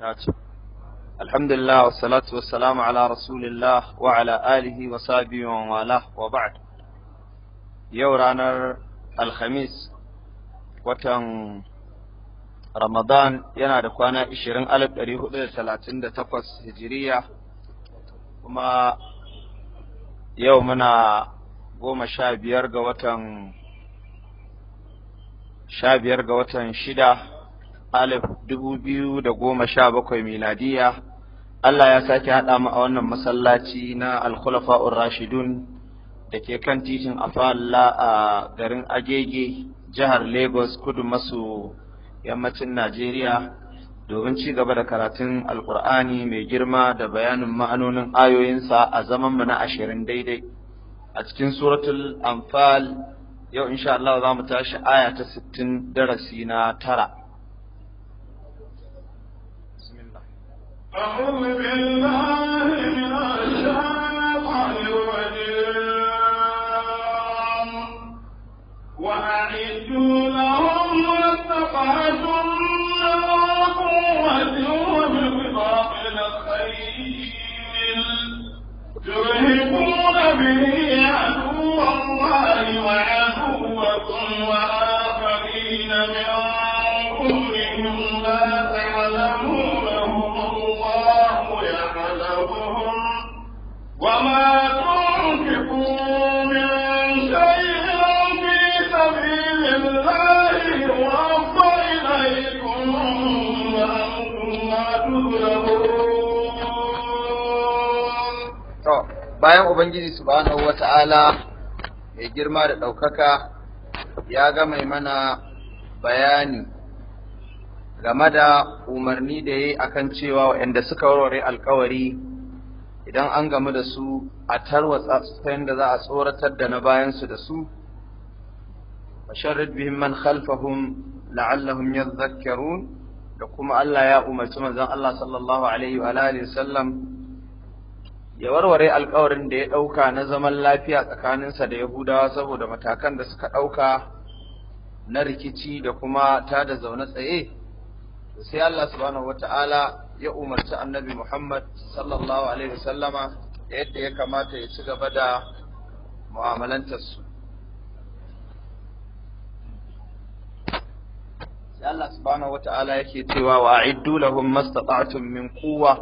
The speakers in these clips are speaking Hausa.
وبركاته الحمد لله والصلاة والسلام على رسول الله وعلى آله وصحبه ومن والاه وبعد يورانا الخميس watan Ramadan yana da kwana 20,438 hijiriya kuma yau muna goma sha sha biyar ga watan shida alif dubu biyu da goma sha bakwai miladiya Allah ya sake haɗa mu a wannan masallaci na alkhulafa rashidun da ke kan titin afalla a garin agege jihar lagos kudu maso yammacin najeriya domin ci gaba da karatun alkur'ani mai girma da bayanin ma'anonin ayoyinsa a zamanmu na ashirin daidai a cikin suratul anfal yau insha Allah za mu tashi aya ta sittin darasi na tara أعوذ بالله من الشيطان الرجيم وأعدوا لهم ما استطعتم من قوة وبقطاع الخيل به عدو الله وعدوكم وآخرين من دونهم لا bayan Ubangiji subhanahu Wata'ala, ta'ala mai girma da ɗaukaka ya ga mai mana bayani game da umarni da ya yi akan cewa waɗanda suka warware alkawari idan an gamu da su a tarwatsa ta yadda za a tsoratar da na bayansu da su sharrid bihim man khalfahum la'allahum yadhakkarun da kuma Allah ya umarci manzon Allah sallallahu alaihi wa alihi sallam ya warware alƙawarin da ya ɗauka na zaman lafiya tsakaninsa da Yahudawa saboda matakan da suka ɗauka na rikici da kuma ta da zaune tsaye sai Allah subhanahu wata'ala ya umarci annabi Muhammad sallallahu alaihi wasallama da yadda ya kamata ya ci gaba da mu'amalantarsu. Sai Allah subhanahu wa ta'ala yake cewa wa a'iddu lahum mastata'tum min kuwa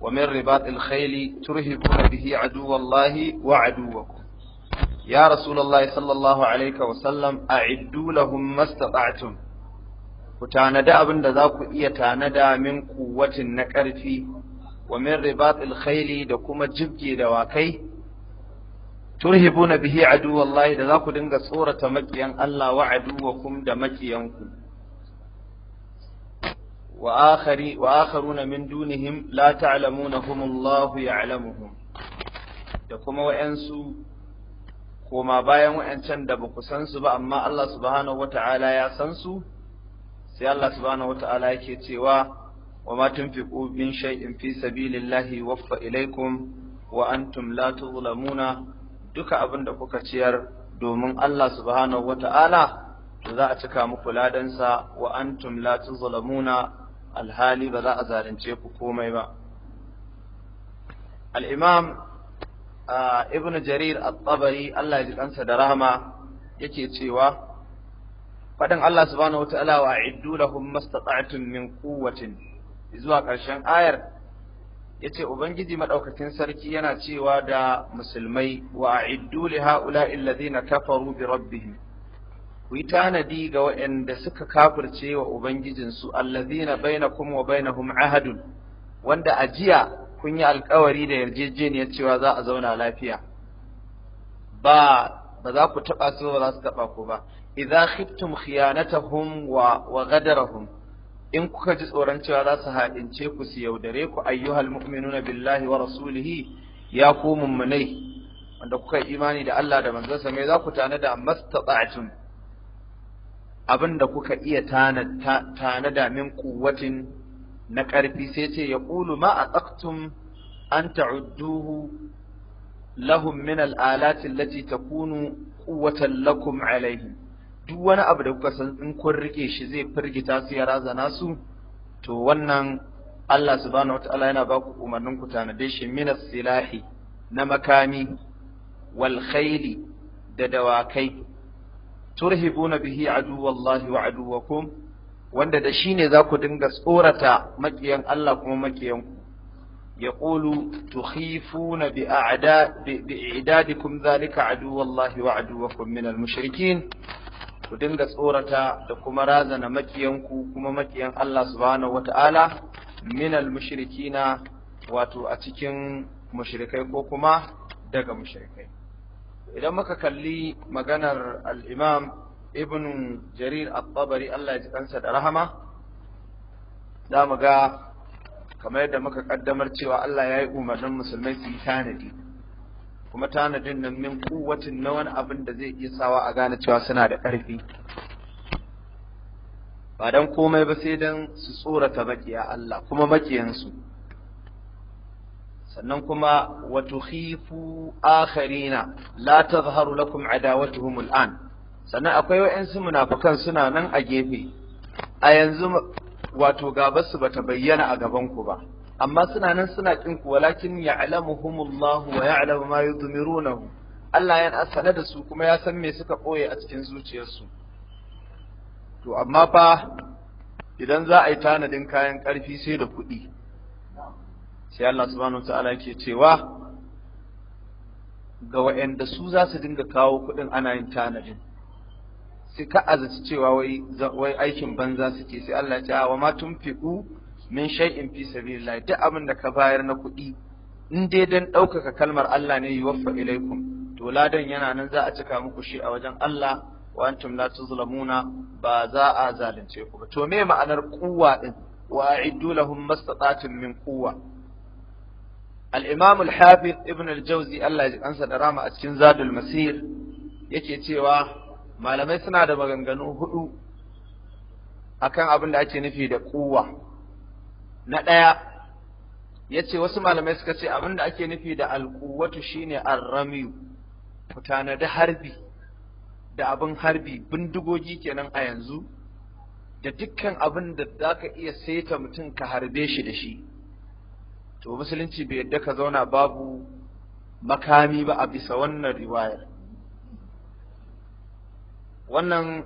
wa min ribatil khayli turhibuna bihi aduwallahi wa aduwakum. Ya Rasulullahi sallallahu alaihi wasallam a'iddu lahum mastata'tum ku tanada abin da za ku iya tanada min kuwatin na ƙarfi wa min ribat khaili da kuma jibge da wakai turhibuna bihi adu da za ku dinga tsorata maƙiyan Allah wa aduwakum da maƙiyanku. wa akhari wa akharuna min dunihim la ta'lamunahum Allah ya'lamuhum da kuma wa'ansu koma bayan wa'ancan da ba ku san su ba amma Allah subhanahu wata'ala ya san su sai Allah subhanahu wata'ala yake cewa wa ma tunfiqu min shay'in fi sabilillahi waffa ilaikum wa antum la tuzlamuna duka abin da kuka ciyar domin Allah subhanahu wata'ala to za a cika muku ladansa wa antum la tuzlamuna alhali ba za a zalunce ku komai ba al-imam ah, ibn jarir at-tabari Allah ya ji kansa da rahama yake cewa faɗin Allah subhanahu wataala wa iddu lahum mastata'tum min quwwatin zuwa ƙarshen ayar yace ubangiji madaukakin sarki yana cewa da musulmai wa a'iddu li haula alladhina kafaru bi rabbihim ku yi tanadi ga waɗanda suka kafirce wa ubangijinsu alladhina bainakum wa bainahum ahadun wanda ajiya kun yi alkawari da yarjejeniyar cewa za a zauna lafiya ba ba za ku taɓa su ba za su taɓa ku ba idza khiftum khiyanatahum wa wa ghadarahum in kuka ji tsoron cewa za su haɗince ku su yaudare ku ayyuhal mu'minuna billahi wa rasulihi ya ku mummunai wanda kuka yi imani da Allah da manzansa me za ku tanada mastata'tum abinda kuka iya tanada min quwwatin na ƙarfi sai ce ya ƙulu ma a tsaktum an ta'udduhu ta min al'alati allati takunu quwwatan lakum alaihim duk wani abu da kuka san in kun rike shi zai firgita su ya razana su to wannan Allah subhanahu wataala yana ba ku umarnin ku tanade shi minas silahi na makami wal khayli da dawakai turhibuna bihi aduwallahi wa aduwakum wanda da shi ne za ku dinga tsorata makiyan Allah kuma makiyan ku yaqulu tukhifuna bi a'da bi i'dadikum zalika aduwallahi wa aduwakum min ku dinga tsorata da kuma razana makiyanku kuma makiyan Allah subhanahu wata'ala minal mushrikina wato a cikin mushrikai ko kuma daga mushrikai idan muka kalli maganar al-imam ibn jarir at-tabari Allah ya ji da rahama za mu ga kamar yadda muka kaddamar cewa Allah ya yi umarnin musulmai su yi tanadi kuma tanadin nan min kuwatin na wani abin da zai iya sawa a gane cewa suna da ƙarfi ba don komai ba sai don su tsorata maƙiya Allah kuma makiyansu sannan kuma wa tukhifu akharina la tazharu lakum adawatuhum al'an sannan akwai wayansu munafukan suna nan a gefe a yanzu wato gaba su bata bayyana a gaban ku ba amma suna nan suna kin ku walakin ya'lamuhumullahu wa ya'lamu ma yudmirunahu Allah yana sane da su kuma ya san me suka boye a cikin zuciyarsu to amma fa idan za a yi tanadin kayan ƙarfi sai da kuɗi sai Allah subhanahu ta'ala ke cewa ga waɗanda su za su dinga kawo kuɗin ana yin tanadin sai ka azaci cewa wai aikin banza suke sai Allah ya ce wa ma fiɗu. min shay'in fi sabilillah duk abin da ka bayar na kuɗi in dai dan ɗaukaka kalmar Allah ne yuwaffa ilaikum to ladan yana nan za a cika muku shi a wajen Allah wa antum la tuzlamuna ba za a zalunce ku ba to me ma'anar quwwa din wa a'iddu lahum mastata'tum min quwwa al-imam al-hafiz ibn al-jawzi Allah ya ansa da rama a cikin zadul masir yake cewa malamai suna da maganganu hudu akan abin da ake nufi da quwwa na ɗaya ya ce wasu malamai suka ce abin da ake nufi da alƙuwatu shine arramiyu ku tanadi harbi da abin harbi bindigogi kenan a yanzu da dukkan abin da za ka iya saita mutum ka harbe shi da shi to musulunci bai yadda ka zauna babu makami ba a bisa wannan riwayar wannan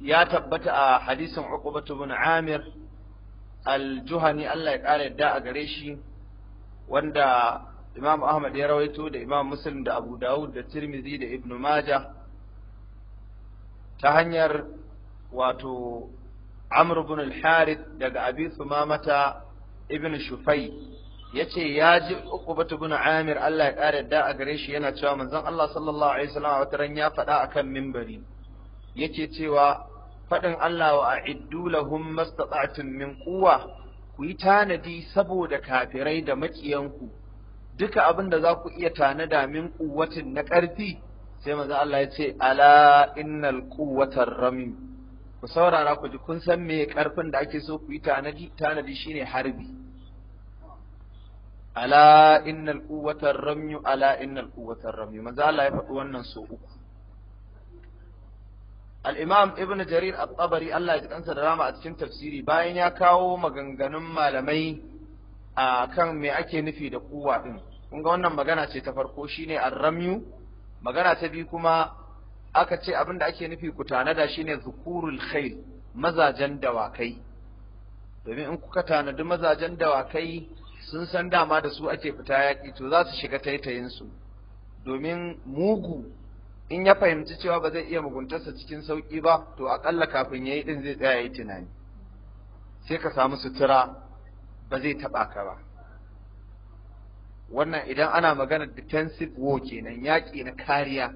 ya tabbata a hadisin uqbatu bin amir al-juhani Allah ya ƙara yadda a gare shi wanda imam ahmad ya rawaito da imam muslim da abu dawud da tirmizi da ibnu maja ta hanyar wato amr ibn al-harith daga abi sumamata ibn shufai yace ya ji uqbatu ibn amir Allah ya ƙara yadda a gare shi yana cewa manzon Allah sallallahu alaihi wasallam wata ran ya faɗa akan minbari yake cewa faɗin Allah wa a'iddu lahum mastata'tum min quwwa ku yi tanadi saboda kafirai da makiyanku duka abin da za ku iya tanada min quwwatin na ƙarfi sai manzo Allah ya ce ala innal quwwatar rami ku saurara ku ji kun san me ƙarfin da ake so ku yi tanadi tanadi shine harbi ala innal quwwatar rami ala innal quwwatar rami manzo Allah ya faɗi wannan so uku al-imam ibn jarir at Allah ya kansa da rama a cikin tafsiri bayan ya kawo maganganun malamai a kan me ake nufi da kuwa ɗin, kun wannan magana ce ta farko shine ar-ramyu magana ta biyu kuma aka ce abin da ake nufi ku tanada shine zukurul kha'il, mazajen dawakai domin in kuka tanadi mazajen dawakai sun san dama da su ake fita yaƙi to za su shiga taitayinsu domin mugu in ya fahimci cewa ba zai iya muguntarsa cikin sauƙi ba to aƙalla kafin ya yi ɗin zai tsaya ya yi tunani sai ka samu sutura ba zai taɓa ka ba wannan idan ana magana defensive war kenan yaƙi na kariya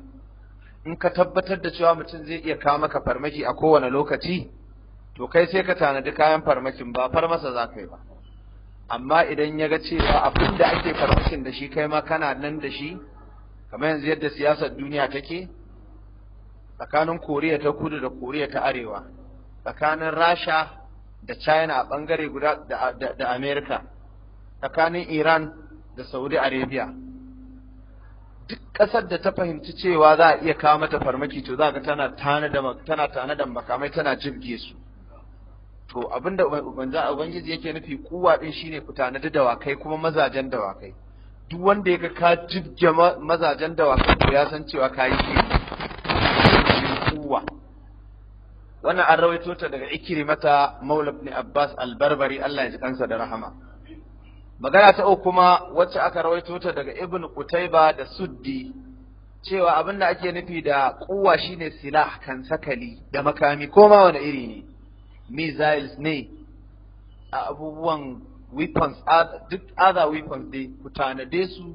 in ka tabbatar da cewa mutum zai iya kawo maka farmaki a kowane lokaci to kai sai ka tanadi kayan farmakin ba farmasa za ka yi ba amma idan ya ga cewa abin da ake farmakin da shi kai ma kana nan da shi kamar yanzu yadda siyasar duniya take tsakanin koriya ta kudu da koriya ta arewa tsakanin rasha da china a bangare guda da, Amerika, tsakanin iran da saudi arabia duk ƙasar da ta fahimci cewa za a iya kawo mata farmaki to za ka tana tana da makamai tana jirge su to abinda ubangiji yake nufi kuwa din shine ku tanadi dawakai kuma mazajen dawakai duk wanda ya ga ka jibge mazajen dawakan to ya san cewa ka yi kuwa wannan an rawaito ta daga ikrimata maula ibn abbas albarbari Allah ya ji kansa da rahama magana ta uku kuma wacce aka rawaito ta daga ibn qutayba da suddi cewa abin da ake nufi da kuwa shine silah kan sakali da makami koma ma wani iri ne missiles ne a abubuwan weapons duk other weapons dai ku tanade su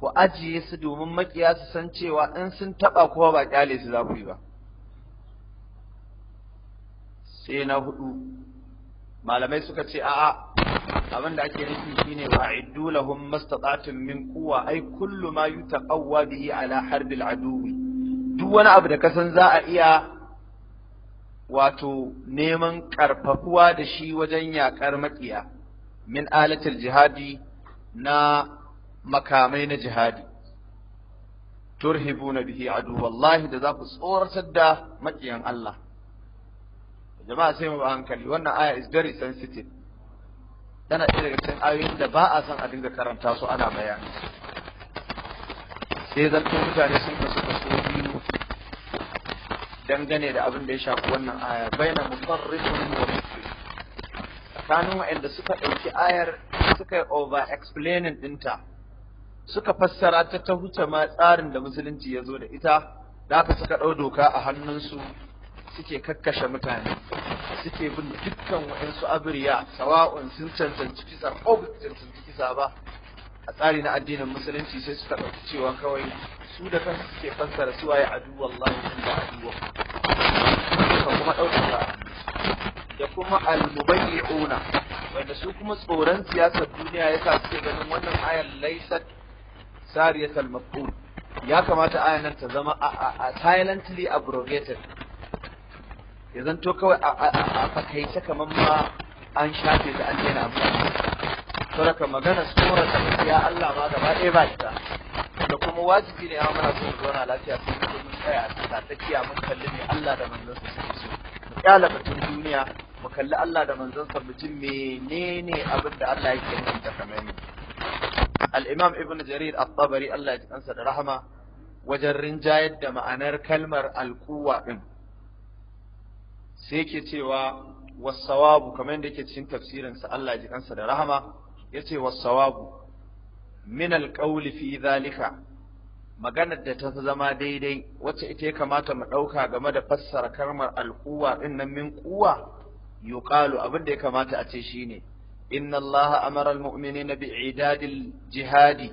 ku ajiye su domin makiya su san cewa in sun taba kowa ba kyale su za ku yi ba sai na hudu malamai suka ce a'a abin da ake nufi shine wa'iddu lahum mastata'tum min quwa ai kullu ma yutaqawwa bihi ala harbil aduwi duk wani abu da kasan za a iya wato neman karfafuwa da shi wajen yakar makiya min alatil jihadi na makamai na jihadi turhibuna bihi adu wallahi da za ku tsoratar da maƙiyan Allah jama'a sai mu ba hankali wannan aya is very sensitive tana ɗaya daga cikin ayoyin da ba a son a dinga karanta su ana bayani sai zanto mutane sun kasu kaso biyu dangane da abin da ya shafi wannan aya bayyana mutarrifin wa tsakanin waɗanda suka ɗauki ayar suka yi over explaining ɗinta suka fassara ta ta huce ma tsarin da musulunci ya zo da ita da aka suka ɗau doka a hannunsu suke kakkashe mutane suke bin dukkan waɗansu abirya sawa'un sun cancanci kisa ko ba cancanci kisa ba a tsari na addinin musulunci sai suka ɗauki cewa kawai su da kansu suke fassara su waye aduwallahi inda aduwa kuma ɗauka da kuma al-mubayyi'una wanda su kuma tsoron siyasar duniya yasa suke ganin wannan ayan laysat al-mafhum ya kamata ayan nan ta zama a silently abrogated ya zanto kawai a fakaice kaman ma an shafe ta an daina amfani saboda magana sura ta ya Allah ma gaba ɗaya ba ta da kuma wajibi ne a mana so mu zauna lafiya sai mun tsaya a tsakiya mun kalli ne Allah da manzon sa suke so kyala batun duniya mu kalli Allah da manzansa mu ji menene abin da Allah yake nufi da kamani al-imam ibn jarir at-tabari Allah ya ji kansa da rahama wajen rinjayar da ma'anar kalmar alkuwa din sai yake cewa wasawabu kamar yadda yake cikin tafsirinsa Allah ya ji kansa da rahama yace wasawabu min alqawli fi dhalika maganar da ta zama daidai wacce ita ya kamata mu ɗauka game da fassara kalmar al'uwa ɗin nan min kuwa yuqalu abin da ya kamata a ce shine inna allaha amara almu'minina bi'idadil jihadi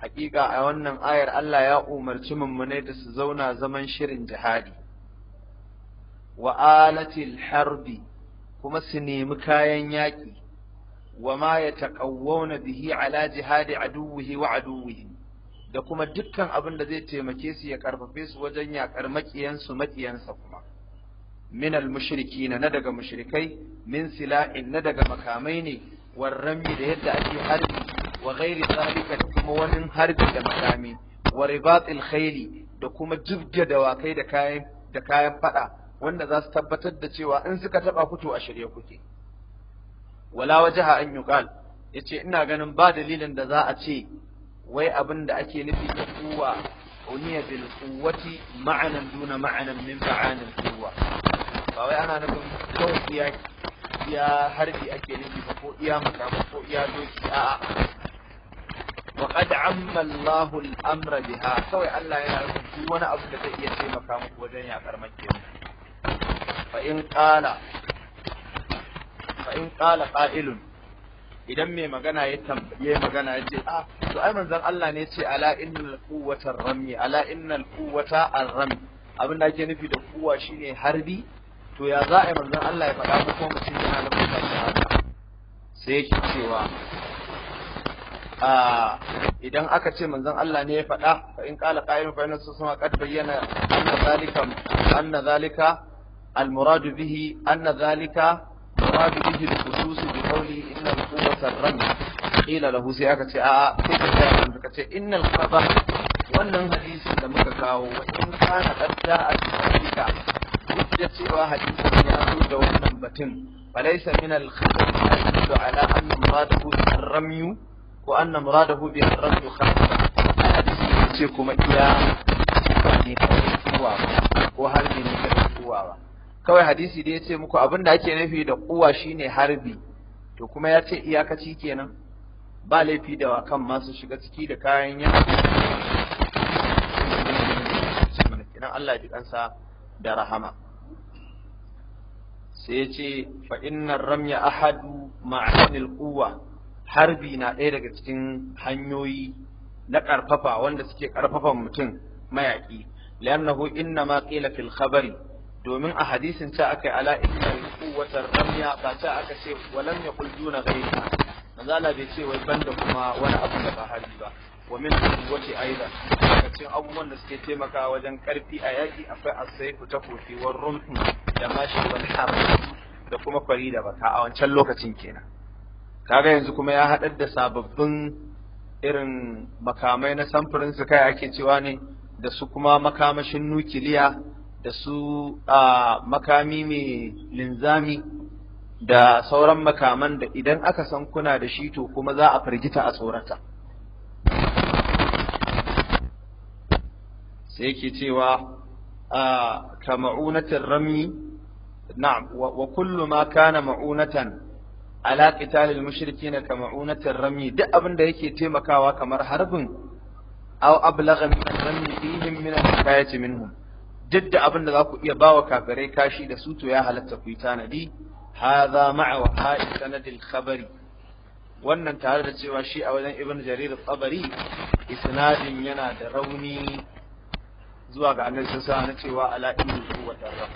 haƙiƙa a wannan ayar Allah ya umarci mummune da su zauna zaman shirin jihadi wa alatil harbi kuma su nemi kayan yaƙi wa ma yataqawwawna bihi ala jihadi aduwwihi wa aduwwihi da kuma dukkan abin da zai taimake su ya karfafe su wajen yakar makiyansu maƙiyansa kuma minal mushriki na na daga mushrikai min sila'in na daga makamai ne warrami da yadda ake harbi wa ghairi zalika kuma wani harbi da makami wa ribatil khayli da kuma jibge dawakai da kayan da kayan fada wanda za su tabbatar da cewa in suka taba kuto a shirye kuke wala wajaha an yuqal yace ina ganin ba dalilin da za a ce wai abin da ake nufi da kuwa uniya bil quwwati ma'anan duna ma'anan min ma'anin kuwa ba wai ana nufin kawai iya iya harbi ake nufi ba ko iya makamu ko iya doki a'a وقد عم الله الامر بها سوى الله yana nufin duk wani abu da zai iya taimaka muku wajen yakar makke fa in qala fa in qala qa'ilun idan mai magana ya tambaye magana ya ce ah to ai manzon Allah ne ce ala innal quwwata rami ala innal quwwata ar-rami abin da ake nufi da kuwa shine harbi to ya za a yi manzon Allah ya faɗa ko kuma mutum yana da kuka haka sai yake cewa ah, idan aka ce manzon Allah ne ya faɗa fa in qala qa'ilun fa inna sama qad bayyana anna zalika anna zalika al-murad bihi anna zalika murad bihi al-khusus bi qawli inna sarranna qila lahu sai aka ce a'a sai ka tsaya kan ka ce innal khabar wannan hadisin da muka kawo wa in kana qadda a cikinka duk da cewa hadisin ya zo da wannan batun falaysa min al khabar yadullu ala anna muradahu ar-ramyu wa anna muradahu bi ar-ramyu khassa hadisin ce kuma iya ne kuwa ko harbi ne kuwa ba kawai hadisi da ya ce muku abin da ake nufi da kuwa shine harbi to kuma ya ce iyakaci kenan ba laifi da kan masu shiga ciki da kayan ya kenan Allah ya kansa da rahama sai ya ce fa innar ramya ahadu ma'anil quwwa harbi na ɗaya daga cikin hanyoyi na ƙarfafa wanda suke ƙarfafa mutum mayaƙi li'annahu inna ma qila fil khabari domin a hadisin ta akai ala inna watan ramya ba ta aka ce walam ya kul na gaira manzala bai ce wai banda kuma wani abu da ba hali ba wa min wace aida daga cikin abubuwan da suke taimaka wajen karfi a yaki akwai ku ta kofi wa rumhu da mashi wani har da kuma kwari da baka a wancan lokacin kenan kaga yanzu kuma ya haɗar da sababbin irin makamai na samfurin su kai ake cewa ne da su kuma makamashin nukiliya da su a makami mai linzami da sauran makaman da idan aka san kuna da shi to kuma za a firgita a tsorata sai ke cewa a ka ma'unatin rami na wa kullu ma kana ma'unatan ala qitalil mushrikin ka ma'unatin rami duk abin da yake taimakawa kamar harbin aw ablagha min rami fihim min al-hikayati minhum duk da abin da za ku iya bawa kafirai kashi da su to ya halatta ku yi tanadi hadha ma'a wa ha'i sanadil khabari wannan tare da cewa shi a wajen ibn jarir kabari, isnadin yana da rauni zuwa ga annabi sassa na cewa ala ibn wa tarra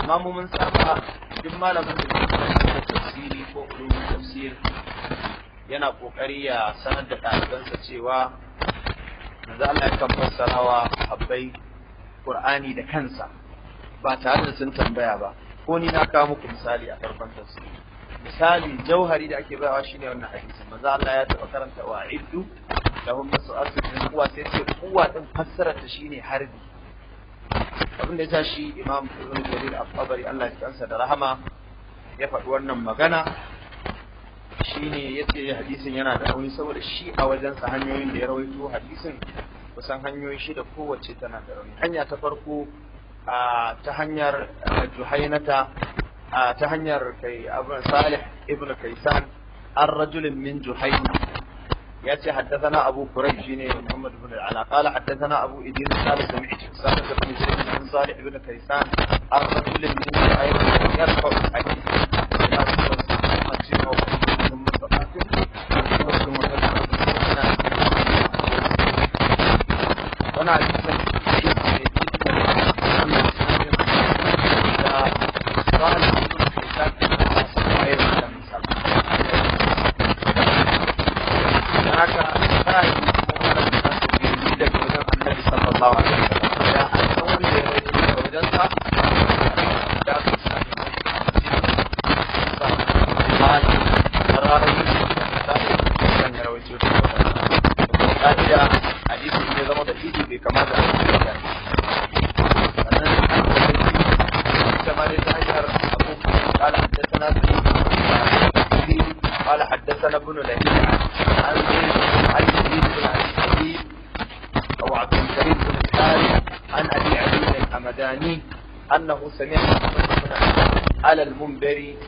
amma mu mun saba duk malamin da ke tafsiri ko ulumul tafsir yana kokari ya sanar da ɗalibansa cewa manzo Allah ya kan fassarawa habbai Qur'ani da kansa ba tare da sun tambaya ba ko ni na kawo muku misali a farkon tafsiri misali jauhari da ake bayawa shine wannan hadisin manzo Allah ya taba karanta wa iddu lahum masu'asu min kuwa sai ce kuwa din fassarar ta shine harbi abin da ya shi Imam Ibn Jarir al-Tabari Allah ya kansa da rahama ya faɗi wannan magana shine yace hadisin yana da rauni saboda shi a wajensa hanyoyin da ya rawaito hadisin kusan hanyoyi shida kowace tana da rauni hanya ta farko ta hanyar juhainata ta hanyar kai abin salih ibn kaisan an rajulin min juhain ya ce haddathana abu kurayb shine muhammad ibn al-ala qala haddathana abu idris qala sami'tu salih ibn zaid ibn salih ibn kaisan an rajulin min ya juhain yarfa'u hadith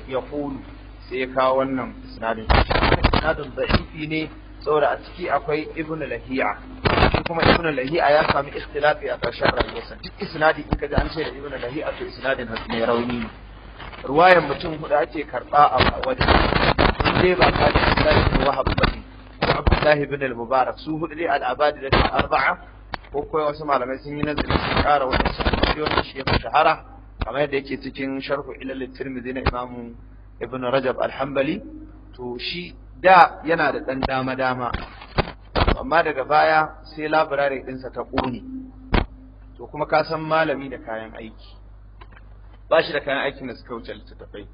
yaqulu sai ya kawo wannan sinadin isnadin da'ifi ne saboda a ciki akwai ibn lahiya shi kuma ibn lahiya ya sami ikhtilafi a ƙarshen rayuwarsa duk isnadi in ka ji an ce da ibn lahiya to isnadin mai rauni ne ruwayan mutum huɗu ake karɓa a wajen dai ba ka da isnadin ibn wahab ne ko abdullahi ibn al-mubarak su huɗu dai al-abadi da arba'a ko kawai wasu malamai sun yi nazari sun ƙara wasu sun shi ya fi shahara kamar yadda yake cikin sharhu ilal tirmidhi na imam ibn rajab al-hanbali to shi da yana da dan dama dama amma daga baya sai laburare ɗinsa ta ƙone to kuma ka san malami da kayan aiki ba shi da kayan aikin da suka wuce littattafai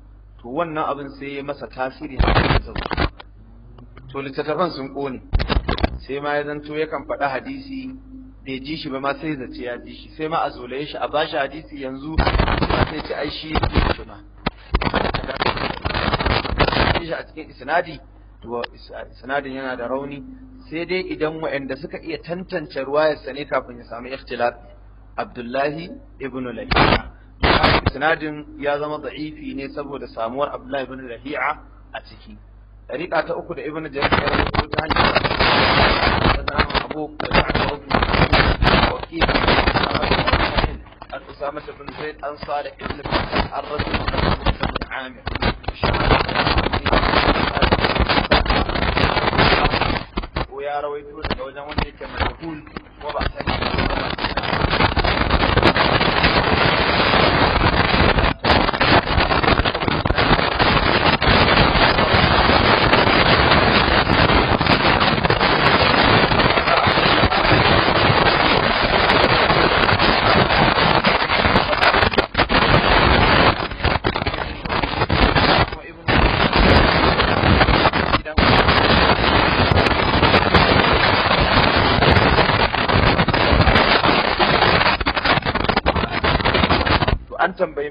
to wannan abin sai ya masa tasiri a to littattafan sun ƙone sai ma ya zanto yakan faɗa hadisi bai ji shi ba ma sai zace ya ji shi sai ma a zolaye shi a bashi hadisi yanzu sai ce ai shi ya shi ma shi a cikin isnadi to isnadin yana da rauni sai dai idan waɗanda suka iya tantance ruwayarsa ne kafin ya samu ikhtilaf Abdullahi ibn Lahiya isnadin ya zama da'ifi ne saboda samuwar Abdullahi ibn Lahiya a ciki Riƙa ta uku da Ibn Jarir ya rubuta hanyar Abu Bakr حديث عن بن زيد عن صالح بن بن عامر ويا رويته لك وجه وجهك مجهول وبعثني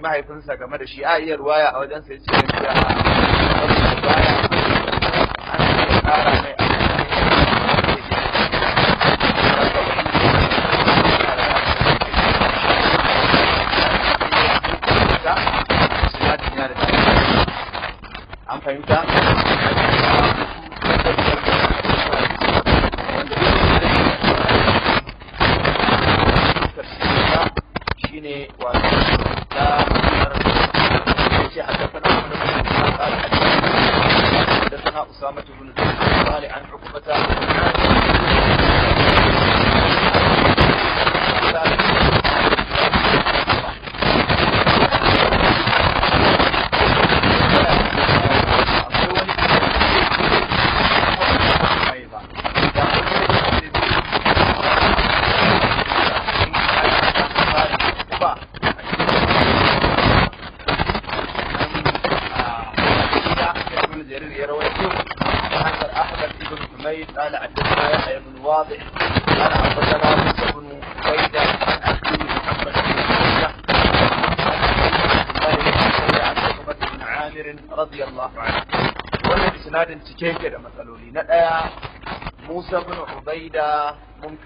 mahaifinsa game da shi a iya ruwaya a wajen sai ce shi a baya mai an fahimta shine wato 아마 두 분은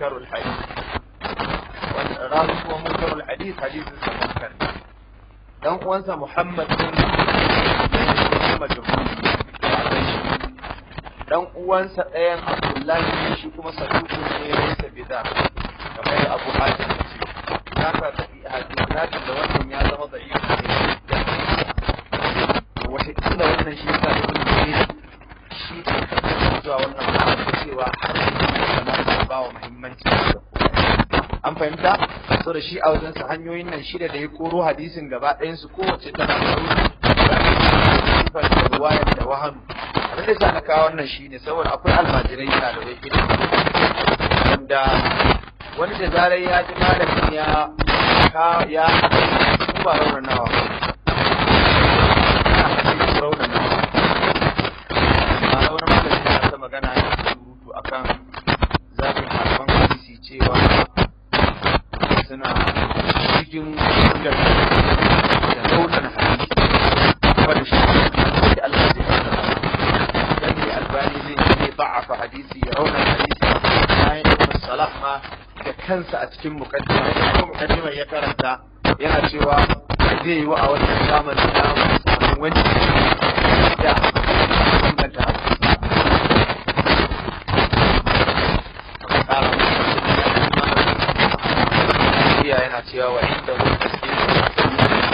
منكر الحديث والراوي هو منكر الحديث حديث منكر dan uwansa Muhammad din Muhammad dan uwansa ɗayan Abdullahi da shi a wajen sa hanyoyin nan shida da ya koro hadisin gaba ɗayan su kowace tana da ruwaya da wahanu abin da sa na kawo wannan ne. saboda akwai almajirai da wai wanda wani da zarai ya ji malamin ya ya ba raunanawa hadisi ya rauna hadisi bayan ibn salah ma da kansa a cikin mukaddima ya ko mukaddima ya karanta yana cewa zai yi wa a wannan zamanin namu samun wani da inganta yana cewa wa inda wani tasiri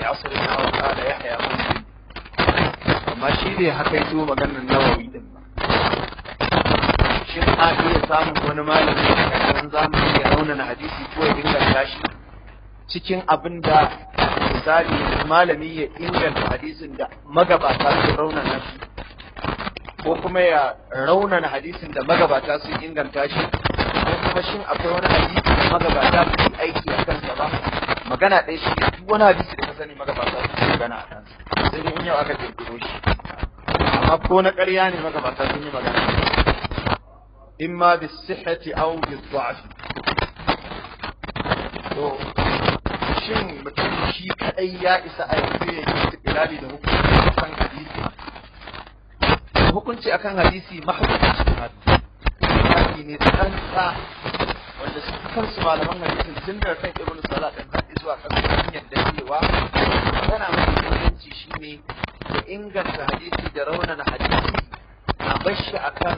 ya asirin na wata da ya haya amma shi ne haka yi maganar nawawi samun wani malami a ƙarshen zamani ya raunana hadisi ko ya inganta shi cikin abin da misali malami ya inganta hadisin da magabata su raunana shi ko kuma ya raunana hadisin da magabata su inganta shi ko kuma shin akwai wani hadisi da magabata su yi aiki a kansa ba magana ɗaya shi duk wani hadisi da ka sani magabata su magana a kansa sai in yau aka kirkiro shi amma ko na ƙarya ne magabata sun yi magana إما بالصحة أو بالضعف shin mutum shi kadai ya isa a yanzu ya yi istilali da hukunci akan hadisi hukunci akan hadisi mahukunci hadisi ne tsantsa wanda su kansu malaman hadisin tun daga kan ibn salah din har zuwa kan hanyar da cewa magana mafi mutunci shine da inganta hadisi da raunana hadisi bashi a kan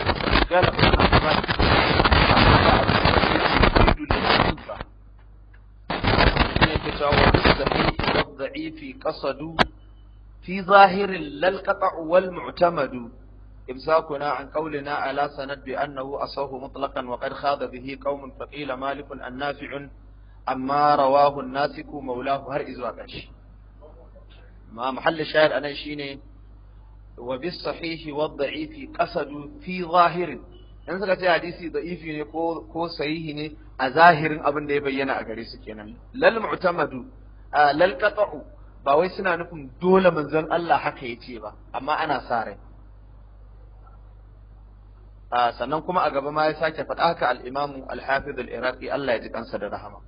الضعيف قصد في ظاهر لا القطع والمعتمد إمساكنا عن قولنا على سند بأنه أصوه مطلقا وقد خاض به قوم فقيل مالك النافع أما رواه الناسك مولاه هر إزواقش ما محل الشاعر أنا شيني wa bis sahihi wa da'ifi qasadu fi zahirin dan suka ce hadisi da'ifi ne ko ko sahihi ne a zahirin abin da ya bayyana a gare su kenan lal mu'tamadu lal qat'u ba wai suna nufin dole manzon Allah haka yace ba amma ana sa rai sannan kuma a gaba ma ya sake faɗa haka al-Imam al-Hafiz al-Iraqi Allah ya ji kansa da rahama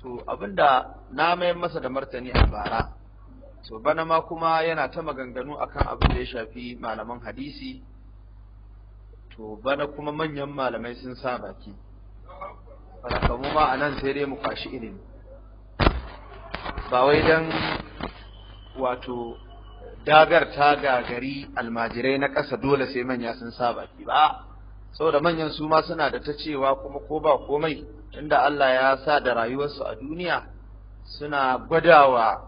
to abinda na mayar masa da martani a bara to bana ma kuma yana ta maganganu akan abu da ya shafi malaman hadisi to bana kuma manyan malamai sun sa baki kamu ma a nan sai dai mu kwashi ilimi ba wai don wato dagar ta gari almajirai na ƙasa dole sai manya sun sa baki ba saboda manyan su ma suna da ta cewa kuma ko ba komai tunda Allah ya sa da rayuwarsu a duniya suna gwadawa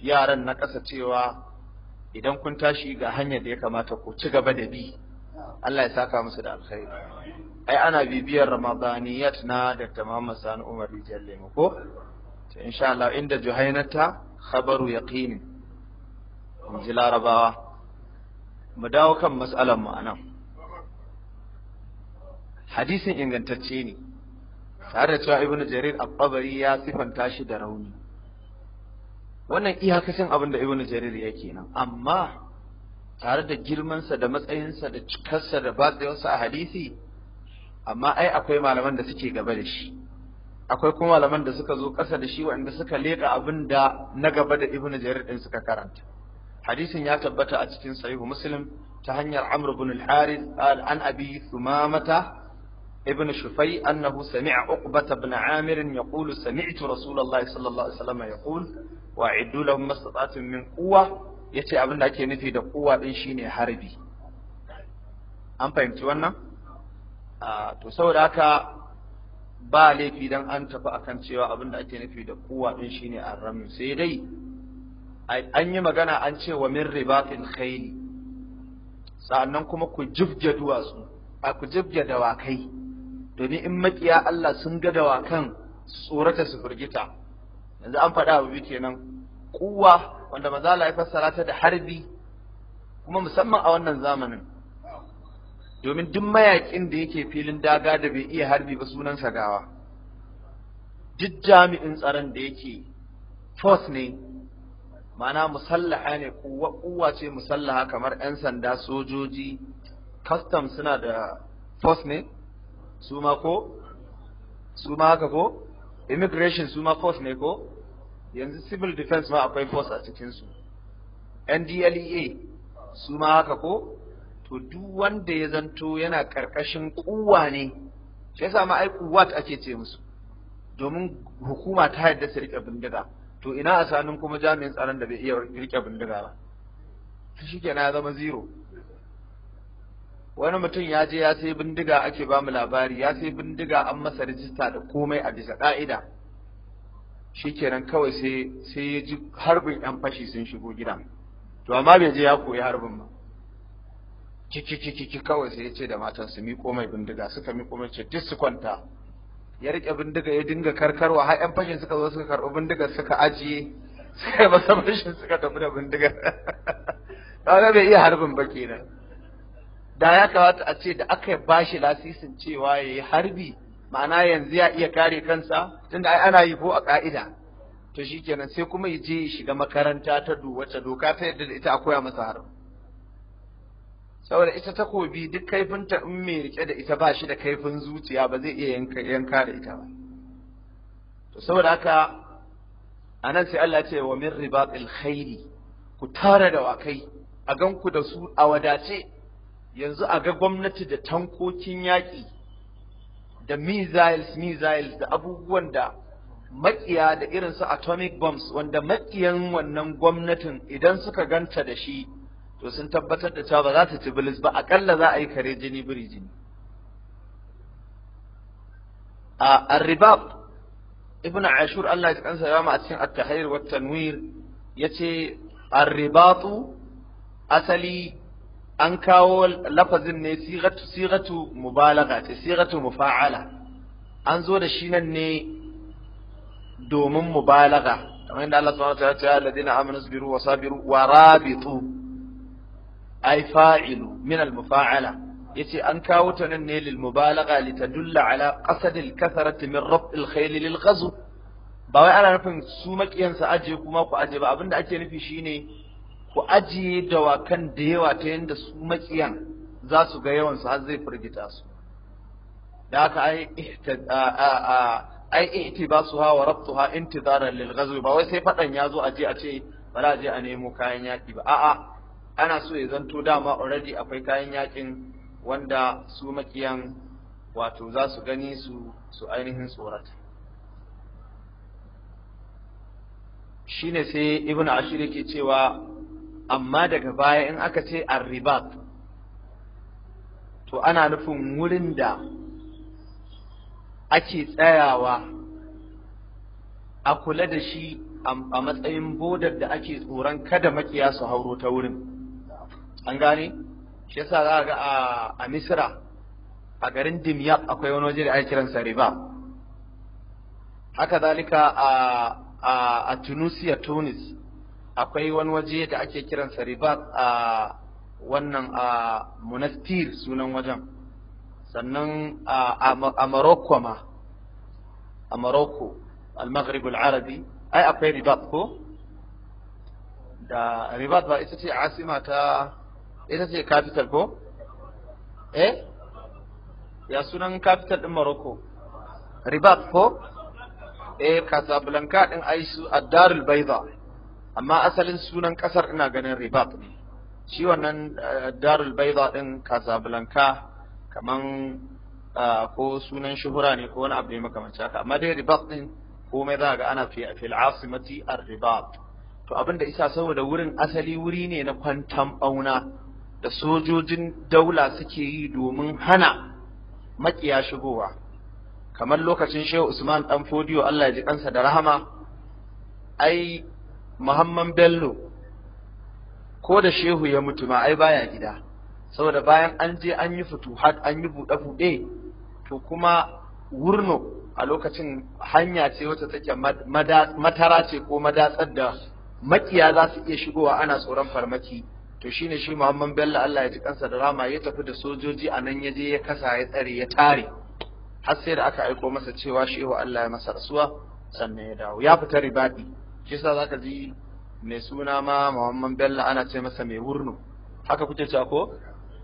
yaran na ƙasa cewa idan kun tashi ga hanyar da ya kamata ku ci gaba da bi Allah ya saka musu da alkhairi ai ana bibiyar ramadaniyat na da tamamu Sani Umar Rijalle ko to insha Allah inda juhainata khabaru yaqini in ji larabawa mu dawo kan mas'alar mu anan hadisin ingantacce ne tare da cewa ibnu Jarir al-Tabari ya sifanta shi da rauni wannan iyakacin abin da ibnu jarir ya kenan amma tare da girmansa da matsayinsa da cikarsa da batsayinsa a hadisi amma ai akwai malaman da suke gaba da shi akwai kuma malaman da suka zo ƙasa da shi waɗanda suka leƙa abin da na gaba da ibnu jarir ɗin suka karanta hadisin ya tabbata a cikin sahihu muslim ta hanyar amr ibn al-harith an abi thumamata ibn شفي annahu sami'a عقبة ibn amir yaqulu sami'tu rasulullahi sallallahu alaihi wasallam yaqul wa iddu lahum mastata'tum min quwwa yace abin da ake nufi da quwwa din shine harbi an fahimci wannan to saboda haka ba laifi dan an tafi akan cewa abin da ake nufi da quwwa din shine arram sai dai an yi magana an ce wa min ribatin khayli sa'annan kuma ku jibje duwatsu a ku jibje dawakai domin in makiya Allah sun ga dawakan tsorata su firgita yanzu an faɗa abu kenan kuwa wanda maza la ya ta da harbi kuma musamman a wannan zamanin domin duk mayakin da yake filin daga da bai iya harbi ba sunan gawa duk jami'in tsaron da yake force ne ma'ana musallaha ne kuwa kuwa ce musallaha kamar 'yan sanda sojoji custom suna da force ne su ma ko su ma haka ko immigration su ma force ne ko yanzu civil defense ma akwai force a cikinsu ndlea su ma haka ko to duk wanda ya zanto yana karkashin kuwa ne shi yasa ma ai kuwat ake ce musu domin hukuma ta yadda su riƙe bindiga to ina a sanin kuma jami'in tsaron da bai iya rike bindiga ba shi kenan ya zama zero wani mutum ya je ya sai bindiga ake ba mu labari ya sai bindiga an masa rijista da komai a bisa ƙa'ida shikenan kawai sai sai ya ji harbin yan fashi sun shigo gidan to amma bai je ya koyi harbin ba kiki kawai sai ya ce da matan su miƙo mai bindiga suka miƙo mai ce duk su kwanta ya rike bindiga ya dinga karkarwa har yan fashin suka zo suka karɓi bindigar suka ajiye suka yi masa fashin suka tafi da bindigar kaga bai iya harbin ba kenan da ya kamata a ce da aka bashi lasisin cewa ya yi harbi ma'ana yanzu ya iya kare kansa tunda ai ana yi ko a ka'ida to shikenan sai kuma ya je ya shiga makaranta ta du wacce doka ta yadda ita a koya masa saboda ita takobi duk kaifinta in mai rike da ita ba shi da kaifin zuciya ba zai iya yanka da ita ba to saboda haka anan sai Allah ce wa min ribatil khairi ku tara da wakai a ganku da su a wadace yanzu a ga gwamnati da tankokin yaƙi da missiles missiles da abubuwan da makiya da irin su atomic bombs wanda makiyan wannan gwamnatin idan suka ganta da shi to sun tabbatar da cewa ba za ta ci bilis ba akalla za a yi kare jini biri jini a arribab ibn ashur Allah ya kansa ya ma a cikin at-tahrir wa tanwir yace arribatu asali an kawo lafazin ne sigatu sigatu mubalagha ce sigatu mufa'ala an zo da shi nan ne domin mubalagha kamar yadda Allah subhanahu wa ta'ala ya ce alladina amanu sabiru wa sabiru wa rabitu ay fa'ilu min al mufa'ala yace an kawo ta nan ne lil dulla litadulla ala qasad al kathrati min rabb al khayl lil ghazw ba wai ana nufin su makiyansa aje kuma ku aje ba abinda ake nufi shine ku ajiye dawakan da yawa ta yadda su maƙiyan za su ga yawansu har zai firgita su da aka ai ai su ha wa intizaran lil ghazwi ba wai sai fadan ya zo aje a ce ba za a je a nemo kayan yaki ba a'a ana so ya zanto dama already akwai kayan yakin wanda su makiyan wato za su gani su su ainihin tsorata shine sai ibnu ashir yake cewa amma daga baya in aka ce arribat to ana nufin wurin da ake tsayawa a kula da shi a matsayin bodar da ake tsoron kada makiya su hauro ta wurin an gane shi yasa za ga a Misira? a garin dimiya akwai wani waje da ake kiransa riba haka zalika a a tunisia tunis akwai wani waje da ake kiransa ribat a wannan a monastir sunan wajen sannan a Morocco ma a Morocco al-Maghrib al-Arabi ai akwai ribat ko da ribat ba ita ce asima ta ita ce capital ko eh ya sunan capital din Morocco ribat ko eh Casablanca din ai su ad-Darul Bayda amma asalin sunan kasar ina ganin ribat ne shi wannan eh, darul baiza din casablanca kaman eh, ko sunan shuhura ne ko wani abu ne makamanci haka amma dai ribat din komai za ga ana fi fil asimati ar-ribat to abinda isa saboda wurin asali wuri ne na kwantan bauna da sojojin daula suke yi domin hana makiya shigowa kamar lokacin Shehu Usman dan Fodiyo Allah ya ji kansa da rahama ai Muhammad bello ko da shehu ya mutu ma ai baya gida saboda bayan an je an yi fituhat an yi buɗe-buɗe to kuma wurno a lokacin hanya ce wata take matara ce ko madatsar da makiya za su iya shigowa ana tsoron farmaki to shine shi Muhammad Bello Allah ya ji kansa da rama ya tafi da sojoji a nan ya je ya kasa ya tsare ya tare har sai da aka aiko masa cewa shehu Allah ya masa rasuwa sannan ya dawo ya fita ribadi kisa za ka ji mai suna ma Muhammad Bello ana ce masa mai wurno haka kuke cewa ko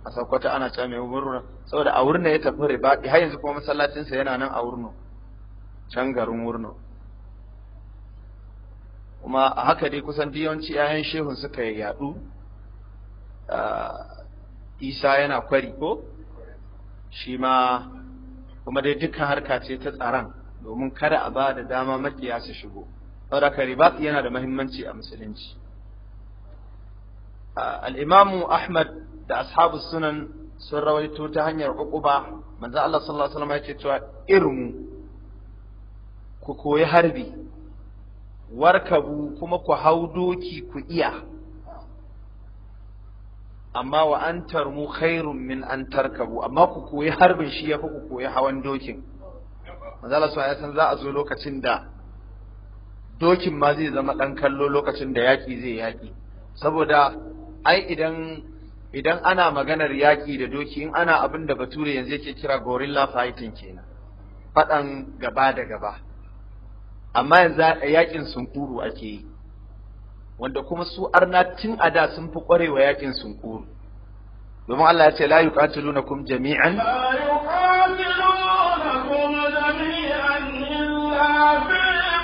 a saukwata ana ce mai wurno saboda a wurno ya tafi ribaɗi har yanzu kuma masallacinsa yana nan a wurno can garin wurno kuma a haka dai kusan diyanci yayan shehun suka yaɗu Isa yana kwari ko shi ma kuma dai dukkan harka ce ta tsaron domin kada a ba da dama makiya su shigo saboda ribat yana da muhimmanci a musulunci Al'imamu ahmad da ashabu sunan sun rawaito ta hanyar uquba manzo Allah sallallahu alaihi wasallam yake cewa irmu ku koyi harbi warkabu kuma ku hau doki ku iya amma wa an tarmu khairun min an tarkabu amma ku koyi harbin shi yafi ku koyi hawan dokin manzo Allah sallallahu alaihi wasallam za a zo lokacin da dokin ma zai zama ɗan kallo lokacin da yaƙi zai yaƙi saboda ai idan idan ana maganar yaƙi da doki in ana abin da bature yanzu yake kira gorilla fighting kenan faɗan gaba da gaba amma yanzu yaƙin sunkuru ake yi wanda kuma su arna tun a da sun fi ƙwarewa yaƙin sunkuru domin Allah ya ce la yuqatilunakum jami'an la yuqatilunakum jami'an illa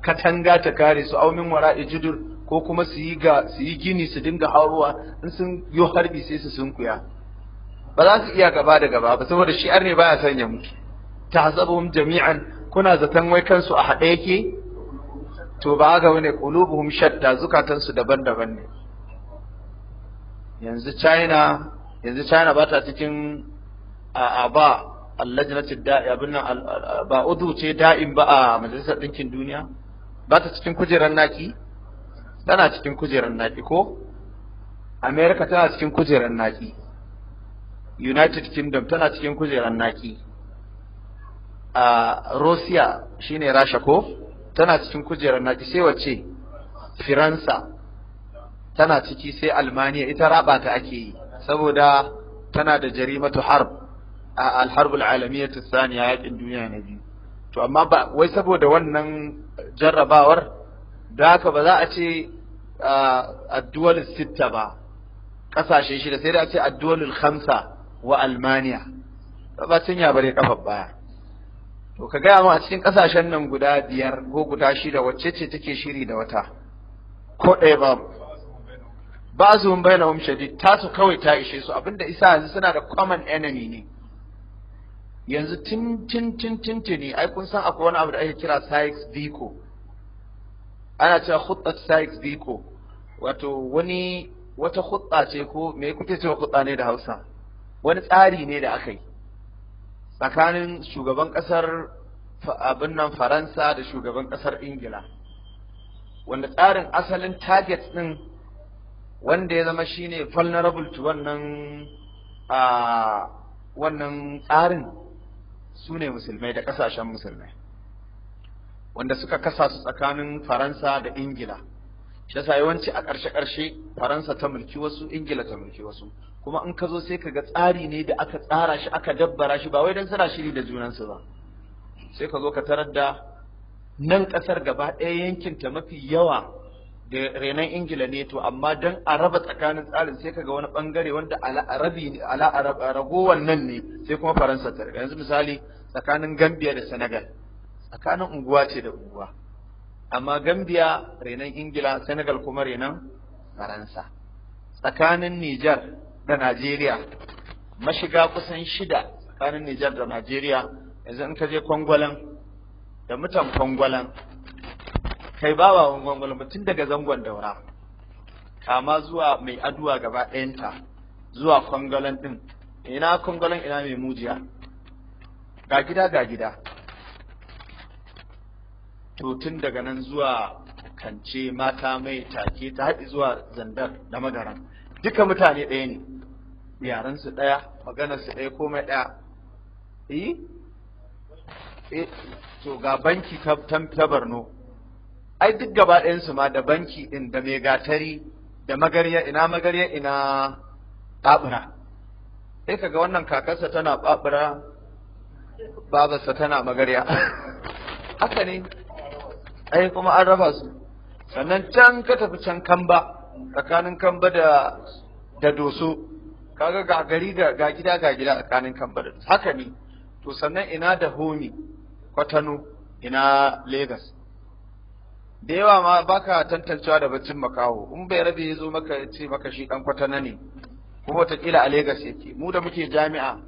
katanga ta kare su aumin min wara'i judur ko kuma su yi ga su yi gini su dinga haruwa in sun yo harbi sai su sunkuya ba za su iya gaba da gaba ba saboda shi ne baya sanya ta tahsabuhum jami'an kuna zaton wai kansu a haɗe yake to ba ga wani qulubuhum shatta zukatansu daban-daban ne yanzu China yanzu China ba ta cikin a ba allajnatu da'i abin nan ba udu ce da'in ba a majalisar ɗinkin duniya ba ta cikin kujerar naki tana cikin kujerar naki ko america tana cikin kujerar naki united kingdom tana cikin kujerar naki a russia shine rasha ko tana cikin kujerar naki sai wacce Faransa tana ciki sai almaniya ita raba ta ake yi saboda tana da jarimatu harb a alharbul alamiyyatu tsaniya yakin duniya na biyu to amma ba wai saboda wannan jarrabawar da haka ba za a ce addu'ar sitta ba ƙasashe shida sai da a ce addu'ar khamsa wa almaniya ba cin ya bare kafar baya to ka gaya ma a cikin ƙasashen nan guda biyar ko guda shida wacce ce take shiri da wata ko ɗaya ba ba su mun bayyana hum ta tasu kawai ta ishe su abinda isa yanzu suna da common enemy ne yanzu tin tin tin tin ai kun san akwai wani abu da ake kira Sykes Vico ana cewa hutsar Sykes Vico wato wani wata khutta ce ko me kuke cewa khutta ne da Hausa wani tsari ne da akai. tsakanin shugaban kasar abin nan Faransa da shugaban kasar Ingila wanda tsarin asalin target din wanda ya zama shine vulnerable to wannan a wannan tsarin su ne musulmai da kasashen musulmai wanda suka kasa su tsakanin faransa da ingila shi yasa yawanci a ƙarshe-ƙarshe faransa ta mulki wasu ingila ta mulki wasu kuma in ka zo sai ka ga tsari ne da aka tsara shi aka dabbara shi ba wai don suna shiri da junansu ba sai ka zo ka tarar da nan ƙasar gaba ɗaya yankinta mafi yawa da renan ingila ne to amma dan a raba tsakanin tsarin sai kaga wani bangare wanda rabi ala ragowan nan ne sai kuma faransa ta yanzu misali tsakanin gambia da senegal tsakanin unguwa ce da unguwa amma gambia renan ingila senegal kuma renan faransa tsakanin Nijar da najeriya mashiga kusan shida tsakanin Nijar da najeriya yanzu in ka je kwangwalan da mutan kwangwalan kai ba wa gwangwalin ba tun daga zangon daura kama zuwa mai aduwa gaba ɗayanta zuwa kwangwalan ɗin ina kwangwalan ina mai mujiya ga gida ga gida to tun daga nan zuwa kance mata mai take ta haɗi zuwa zandar da magaran duka mutane ɗaya ne su ɗaya maganar su ɗaya komai ɗaya eh? eh to ga banki ta barno ai duk gaba ɗayansu ma da banki ɗin da mai gatari da magarya ina magarya ina ɓaɓura sai kaga wannan kakarsa tana ɓaɓura babarsa tana magarya haka ne ai kuma an raba su sannan can ka tafi can kamba tsakanin kamba da da doso kaga ga gari ga gida ga gida tsakanin kamba da doso. haka ne to sannan ina da homi kwatano ina Legas. da yawa ma baka tantancewa da baccin makaho in bai rabe ya zo maka ya ce maka shi dan kwatana ne kuma wataƙila a Legas yake mu da muke jami'a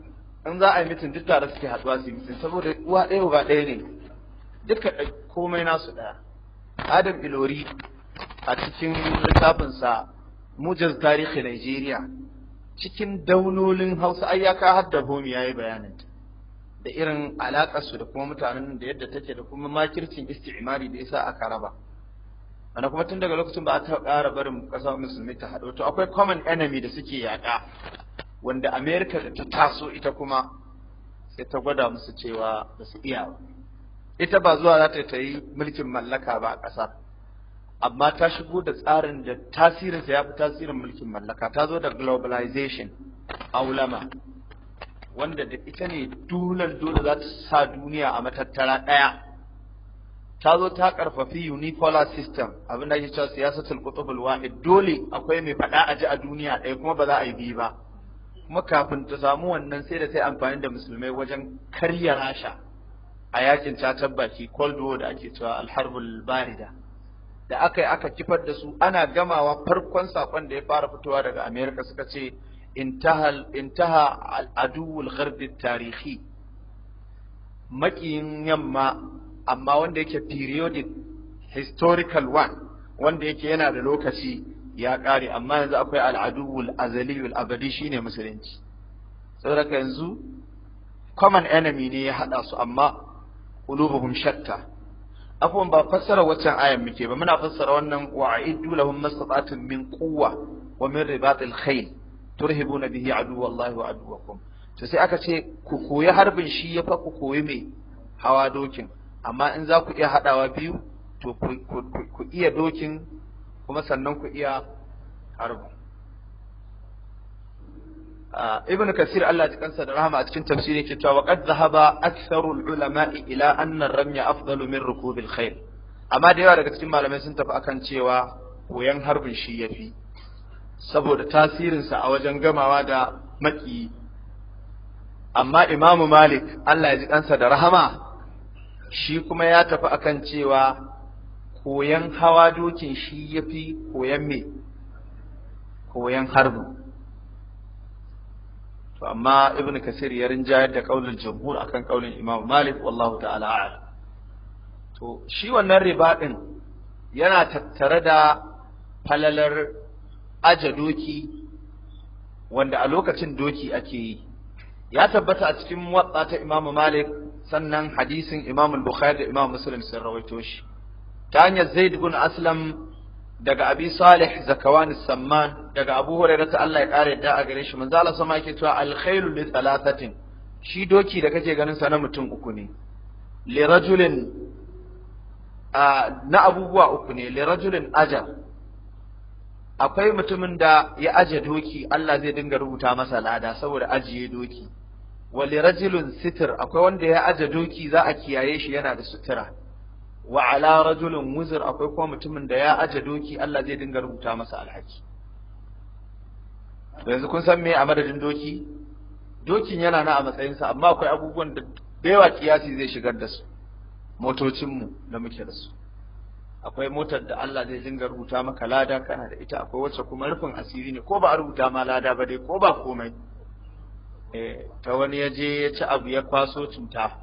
in za a yi mitin duk tare suke haɗuwa su yi mitin saboda uwa ɗaya uba ɗaya ne duka komai nasu ɗaya Adam Ilori a cikin littafinsa Mujaz Tarihi Najeriya cikin daunolin Hausa ai ya ka hadda ya yayi bayanin ta da irin alaƙarsu da kuma mutanen da yadda take da kuma makircin isti'imari da yasa aka raba ana kuma tun daga lokacin ba a ta ƙara barin ƙasar musulmi ta haɗu to akwai common enemy da suke yaƙa wanda america da ta taso ita kuma sai ta gwada musu cewa ba su iya ba ita ba zuwa za ta yi mulkin mallaka ba a ƙasar amma ta shigo da tsarin da tasirinsa ya fi tasirin mulkin mallaka ta zo da globalization a ulama wanda da ita ne dulan dole za ta sa duniya a matattara ɗaya ta zo ta ƙarfafi unipolar system abin da ake cewa siyasatul qutbul wahid dole akwai mai faɗa a ji a duniya ɗaya kuma ba za a yi biyu ba kuma kafin ta samu wannan sai da sai amfani da musulmai wajen karya rasha a yakin ta baki cold war da ake cewa alharbul barida da aka yi aka kifar da su ana gamawa farkon saƙon da ya fara fitowa daga Amerika suka ce انتهى انتهى العدو الغرب التاريخي makiyin yamma amma wanda yake periodic historical one wanda yake yana da lokaci ya ƙare amma yanzu akwai al'adu azali abadi shine musulunci saboda yanzu common enemy ne ya haɗa su amma qulubuhum shatta afwan ba fassara waccan ayan muke ba muna fassara wannan wa'iddu lahum mastata'atun min quwwa wa min ribatil khayl turhibuna bihi aduwallahi wa aduwakum to sai aka ce ku koyi harbin shi ya fa ku koyi mai hawa dokin amma in za ku iya hadawa biyu to ku iya dokin kuma sannan ku iya harbin ibn kasir Allah ji kansa da Rahma a cikin tafsiri yake cewa waqad dhahaba aktharul ulama'i ila anna ar-ramya afdalu min rukubil amma da yawa daga cikin malamai sun tafi akan cewa koyon harbin shi saboda tasirinsa a wajen gamawa da makiyi amma imamu malik Allah ya ji ɗansa da rahama shi kuma ya tafi akan cewa koyan hawa dokin shi ya fi koyan me koyan harbin to amma ibn kasir ya rinjayar da ƙaunin jamhur akan ƙaunin imamu malik wallahu ta'ala to shi wannan riba yana tattare da falalar aje doki wanda a lokacin doki ake yi ya tabbata a cikin watsa ta Imam Malik sannan hadisin Imam Bukhari da Imam Muslim sun rawaito shi ta hanyar Zaid bin Aslam daga Abi Salih Zakawan Samman daga Abu Hurairah ta Allah ya kare da a gare shi manzo Allah sama yake cewa al-khailu li thalathatin shi doki da kake ganin sa na mutum uku ne li rajulin na abubuwa uku ne li rajulin ajal akwai mutumin da ya aje doki Allah zai dinga rubuta masa lada saboda ajiye doki wali rajulun sitir akwai wanda ya aje doki za a kiyaye shi yana da sutura wa ala rajulun wuzir akwai kuma mutumin da ya aje doki Allah zai dinga rubuta masa alhaki yanzu kun san me a madadin doki dokin yana na a matsayin sa amma akwai abubuwan da da kiyasi zai shigar da su motocinmu da muke da su akwai motar da Allah zai dinga rubuta maka lada kana da ita akwai wacce kuma rufin asiri ne ko ba a rubuta ma lada ba dai ko ba komai eh, ta wani ya je ya ci abu ya kwaso cuta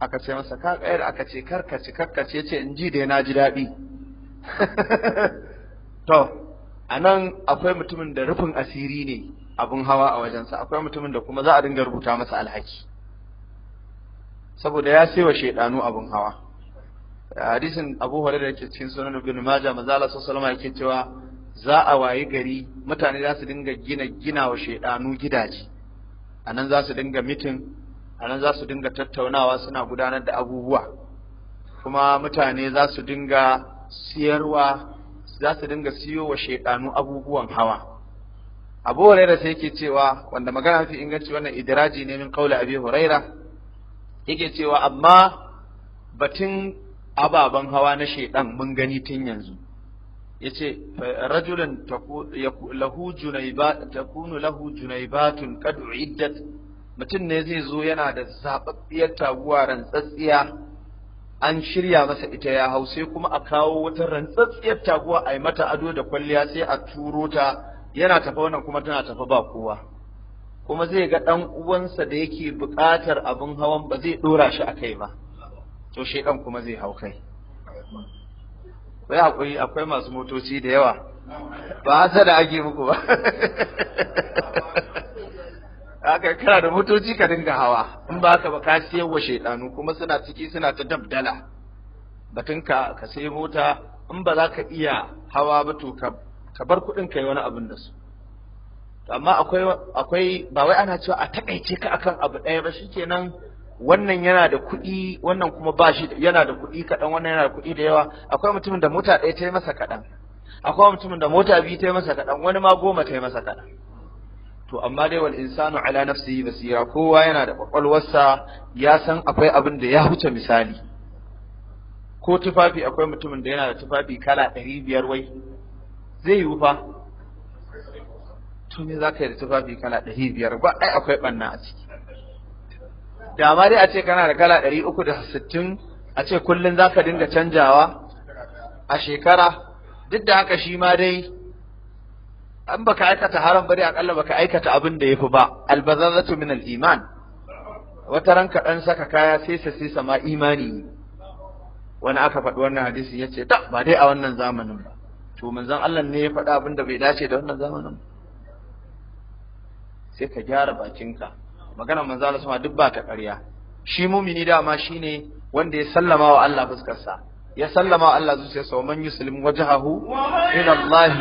aka ce masa ka kayar aka ce karkace karkace ce in ji da na ji daɗi to a nan akwai mutumin da rufin asiri ne abin hawa a wajensa akwai mutumin da kuma za a dinga rubuta masa alhaki saboda ya sai wa shaidanu abin hawa hadisin Abu da yake cikin sunan Ibn Majah manzo Allah sallallahu alaihi yake cewa za a wayi gari mutane za su dinga gina gina wa shaidanu gidaje anan za su dinga mitin anan za su dinga tattaunawa suna gudanar da abubuwa kuma mutane za su dinga siyarwa za su dinga siyo wa shaidanu abubuwan hawa Abu da sai yake cewa wanda magana fi inganci wannan idiraji ne min qauli Abi Huraira yake cewa amma batun ababen hawa na shaiɗan mun gani tun yanzu yace rajulun lahu takunu lahu junaybatun qad uiddat mutum ne zai zo yana da zababbiyar taguwa rantsatsiya an shirya masa ita ya hau sai kuma a kawo wata rantsatsiyar taguwa a yi mata ado da kwalliya sai a turo ta yana tafa wannan kuma tana tafa ba kowa kuma zai ga ɗan uwansa da yake buƙatar abin hawan ba zai ɗora shi a kai ba to shaidan kuma zai hau kai bai akwai masu motoci da yawa ba hasa da ake muku ba haka kana da motoci ka dinga hawa in ba ka ba ka wa shaidanu kuma suna ciki suna ta dabdala batun ka ka sai mota in ba za ka iya hawa ba to ka bar kuɗin ka yi wani abin da su amma akwai ba wai ana cewa a takaice ka akan abu ɗaya ba shikenan wannan yana da kuɗi wannan kuma ba shi yana da kuɗi kaɗan wannan yana da kuɗi da yawa akwai mutumin da mota ɗaya ta yi masa kaɗan akwai mutumin da mota biyu ta yi masa kaɗan wani ma goma ta yi masa kaɗan to amma dai wal insanu ala nafsihi basira kowa yana da kwakwalwarsa ya san akwai abin da ya huce misali ko tufafi akwai mutumin da yana da tufafi kala ɗari biyar wai zai yiwu fa to me za ka yi da tufafi kala ɗari biyar ba ai akwai ɓanna a ciki da ma dai a ce kana da kala ɗari uku da sittin a ce kullum za ka dinga canjawa a shekara duk da haka shi ma dai an baka aikata haram bari akalla baka aikata abin da ya fi ba albazazatu min iman wata ran ka saka kaya sai sa sai sama imani wani aka faɗi wannan hadisi ya ta ba dai a wannan zamanin ba to manzon Allah ne ya faɗi abin da bai dace da wannan zamanin sai ka gyara bakinka maganar manzo Allah sama duk ba ta ƙarya shi mumini dama shine wanda ya sallama wa Allah fuskarsa ya sallama wa Allah zuciyarsa wa man yuslim wajhahu ila Allah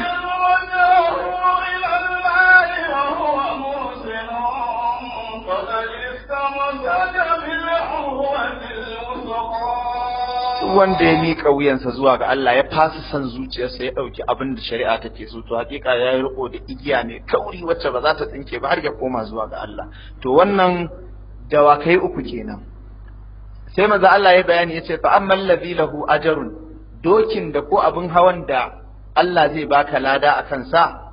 wa duk wanda ya miƙa wuyansa zuwa ga Allah ya fasa san zuciyarsa ya ɗauki abin da shari'a take so to hakika ya yi riko da igiya ne kauri wacce ba za ta tsinke ba har ya koma zuwa ga Allah to wannan dawakai uku kenan sai manzo Allah ya bayani ya ce fa amman ladhi lahu ajrun dokin da ko abin hawan da Allah zai baka lada a kansa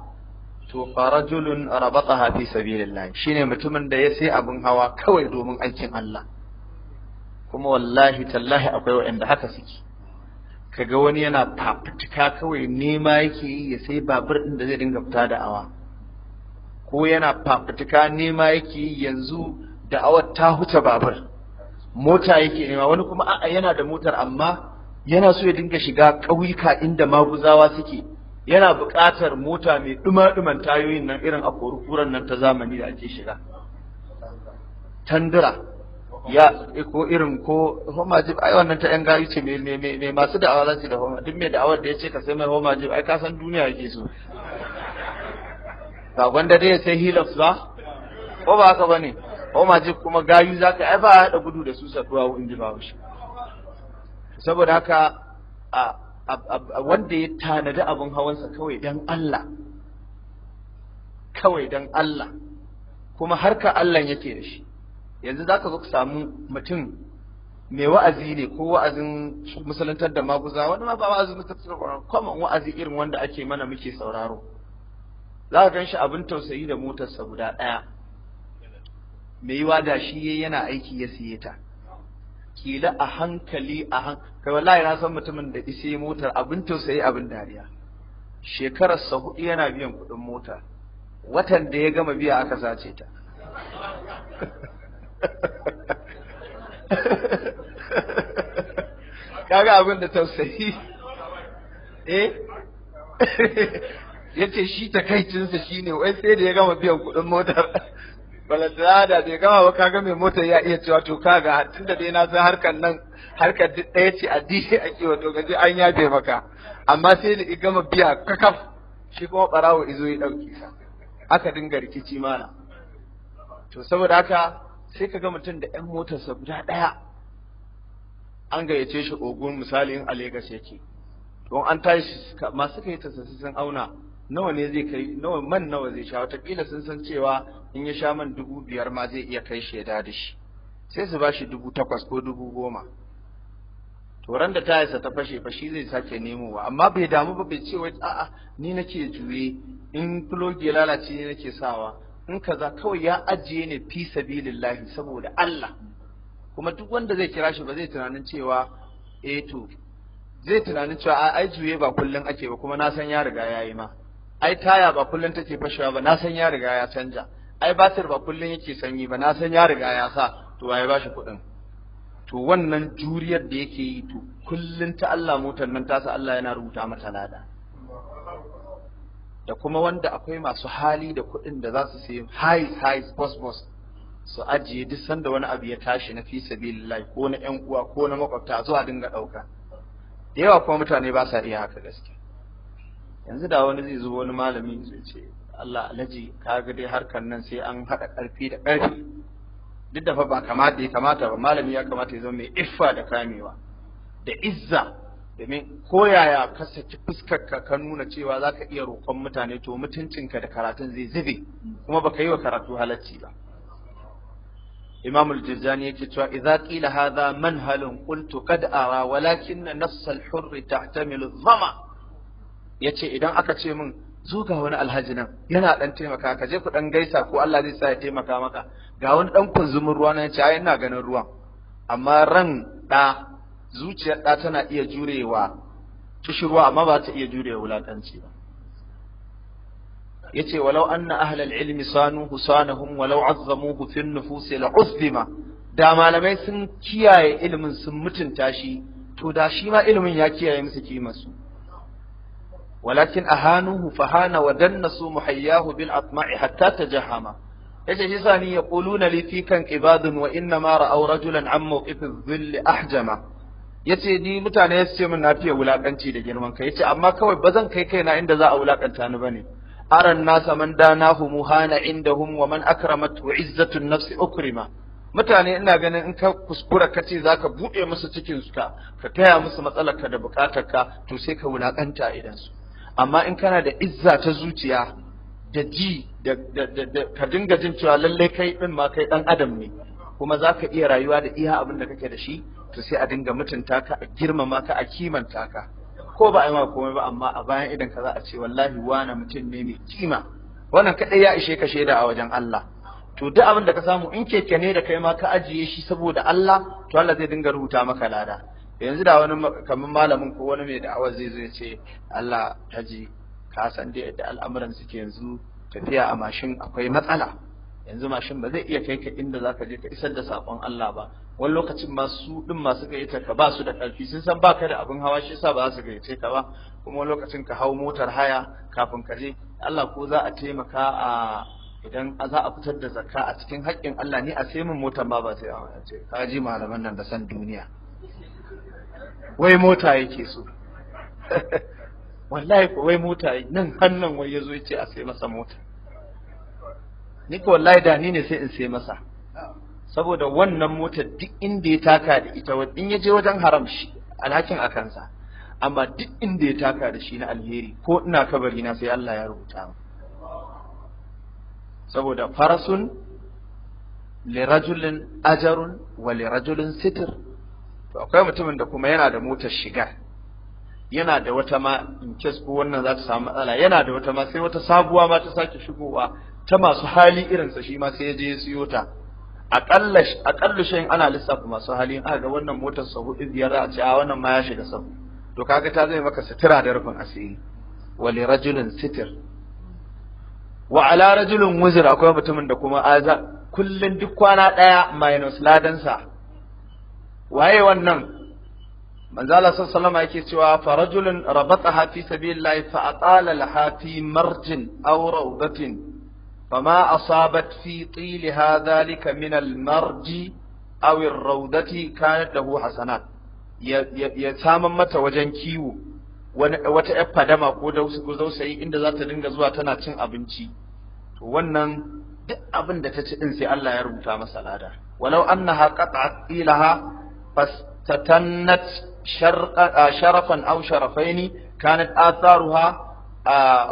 to rajulun rabataha fi sabilillah shine mutumin da ya sai abin hawa kawai domin aikin Allah kuma wallahi tallahi akwai waɗanda haka suke kaga wani yana fafutuka kawai nema yake yi ya sai babur ɗin da zai dinga fita da awa, ko yana fafutuka nema yake yi yanzu da awar ta huce babur mota yake nema wani kuma a'a yana da motar amma yana so ya dinga shiga ƙauyuka inda maguzawa suke yana buƙatar mota mai ɗuma-ɗuman tayoyin nan irin a nan ta zamani da ake shiga tandura ya ko irin ko Homa jib ai wannan ta yan gayu ce mai masu da'awa za su da homa duk mai da'awar da ya ce ka sai mai jib ai ka san duniya yake so ba gwanda dai sai hilaf ba ko ba haka bane jib kuma gayu za ka ai ba da gudu da su saduwa in ji ba saboda haka wanda ya tanadi abin hawansa kawai dan Allah kawai dan Allah kuma harka Allah yake da shi yanzu za ka zo ka samu mutum mai wa'azi ne ko wa'azin musulantar da maguza wani ma ba wa'azin musulantar da kwamon wa'azi irin wanda ake mana muke sauraro za ka gan shi abin tausayi da motarsa guda ɗaya mai yiwa da shi yana aiki ya siye ta kila a hankali a hankali kai wallahi na san mutumin da ise motar abin tausayi abin dariya shekararsa hudu yana biyan kuɗin mota watan da ya gama biya aka sace ta kaga abin da tausayi eh ce shi takaicinsa shi ne wai sai da ya gama biyan kuɗin motar balantana da ya gama ba kaga mai motar ya iya cewa to kaga tun da dai na san harkar nan harkar duk ɗaya ce addini a kiwa to gaji an yafe maka amma sai da ya gama biya kakaf shi kuma barawo izo ya ɗauke sa aka dinga rikici mana to saboda haka sai ka ga mutum da ‘yan motarsa guda ɗaya an gayyace shi ogun misali in a Legas yake don an tashi masu kai ta sun auna nawa ne zai kai nawa man nawa zai sha watakila sun san cewa in ya sha man dubu biyar ma zai iya kai shi ya da shi sai su ba shi dubu takwas ko dubu goma toran da tayarsa ta fashe fashi shi zai sake nemowa amma bai damu ba bai ce wai a'a ni nake juye in kulogi ya lalace ni nake sawa in kaza kawai ya ajiye ne fi sabilillahi saboda Allah kuma duk wanda zai kira shi ba zai tunanin cewa eh to zai tunanin cewa a ai juye ba kullun ake ba kuma na san ya riga yayi ma ai taya ba kullun take fashewa ba na san ya riga ya canja ai batir ba kullun yake sanyi ba na san ya riga ya sa to waye ba shi kuɗin to wannan juriyar da yake yi to kullun ta Allah motar nan ta sa Allah yana rubuta mata lada da kuma wanda akwai masu hali da kuɗin da za su sayi high high boss boss su ajiye duk sanda wani abu ya tashi na fi sabilillahi ko na ƴan uwa ko na makwabta zuwa dinga ɗauka da yawa kuma mutane ba sa iya haka gaske yanzu da wani zai zo wani malami zai ce Allah alaji ka ga harkar nan sai an haɗa ƙarfi da ƙarfi duk da fa ba kamata ya kamata ba malami ya kamata ya zama mai iffa da kamewa da izza domin koyaya ka saki fuskarka ka nuna cewa za ka iya roƙon mutane to mutuncinka da karatun zai zube kuma baka yi wa karatu halacci ba imam al-jizani yake cewa idza qila hadha manhalun qultu qad ara walakin nafs al-hurr tahtamilu dhama yace idan aka ce min zo ga wani alhaji nan yana dan taimaka ka je ku dan gaisa ko Allah zai sa ya taimaka maka ga wani dan kunzumin ruwa na yace ai ina ganin ruwan amma ran da zuciyar ɗa tana iya jurewa tushurwa amma ba ta iya jurewa wulaƙanci ba yace walau anna ahlal ilmi sanuhu sanahum walau azzamuhu fi nufus la uzbima da malamai sun kiyaye ilimin sun mutunta shi to da shi ma ilimin ya kiyaye musu kimarsu walakin ahanuhu fahana wa dannasu muhayyahu bil atma'i hatta tajahama yace shi sani yaquluna li fi kan ibadun wa inna ma ra'aw rajulan an mawqif adh-dhill ahjama Ya ce ni mutane ya ce min na fiye wulakanci da girman kai ce amma kawai ba zan kai kaina inda za a wulakanta ni ne. aran nasa man hana inda indahum wa man wa izzatu nafsi ukrima mutane ina ganin in ka kuskura ka ce zaka bude musu cikin su ka ka taya musu matsalar ka da bukatar ka to sai ka wulakanta idan su amma in kana da izza ta zuciya da ji da ka dinga jin cewa lallai kai din ma kai dan adam ne kuma zaka iya rayuwa da iya abin da kake da shi to sai a dinga mutunta ka a girmama ka a kimanta ka ko ba a yi ma komai ba amma a bayan idan ka za a ce wallahi wani mutum ne mai kima wannan kadai ya ishe ka shaida a wajen Allah to duk abin da ka samu in keke ne da kai ma ka ajiye shi saboda Allah to Allah zai dinga rubuta maka lada yanzu da wani kamar malamin ko wani mai da'awa zai zo ya ce Allah taji ka san da al'amuran suke yanzu tafiya a mashin akwai matsala yanzu mashin ba zai iya kai ka inda za ka je ka isar da sakon Allah ba wani lokacin su ɗin masu gayyata ka ba su da ƙarfi sun san ba ka da abin hawa shi yasa ba za su gayyace ka ba kuma wani lokacin ka hau motar haya kafin ka je Allah ko za a taimaka a idan za a fitar da zakka a cikin haƙƙin Allah ni a sai min motar ba ba sai a ce ka ji malaman nan da san duniya wai mota yake so wallahi ko wai mota nan hannan wai yazo yace a sai masa mota ni ko wallahi da ni ne sai in sai masa saboda wannan mota duk inda ya taka da ita in ya je wajen haram shi alhakin a kansa amma duk inda ya taka da shi na alheri ko ina kabari na sai Allah ya rubuta mu saboda farasun lirajulin ajarun wa lirajulin sitir to akwai mutumin da kuma yana da motar shiga yana da wata ma in kes ko wannan za ta samu matsala yana da wata ma sai wata sabuwa ma ta sake shigowa ta masu hali irinsa shi ma sai ya je ya siyo ta a shayin ana lissafa masu hali aka ga wannan motar sahu biyar a ce a wannan ma ya shiga sahu to kaga ta zai maka sitira da rufin asiri wali rajulun sitir wa ala rajulin wuzir akwai mutumin da kuma aza kullun duk kwana daya minus ladansa waye wannan manzo Allah sallallahu yake cewa fa rajulun rabataha fi sabilillahi fa atala laha fi marjin aw rawdatin فما أصابت في طيلها ذلك من المرج أو الروضة كانت له حسنات يتامم متى وجن كيو wata ‘yar fadama ko dausayi inda za ta dinga zuwa tana cin abinci, to wannan duk abin da ta ci ɗin sai Allah ya rubuta masa lada. Walau an na haƙaƙa ƙilaha fastatannat sharafan au sharafaini kanat atharuha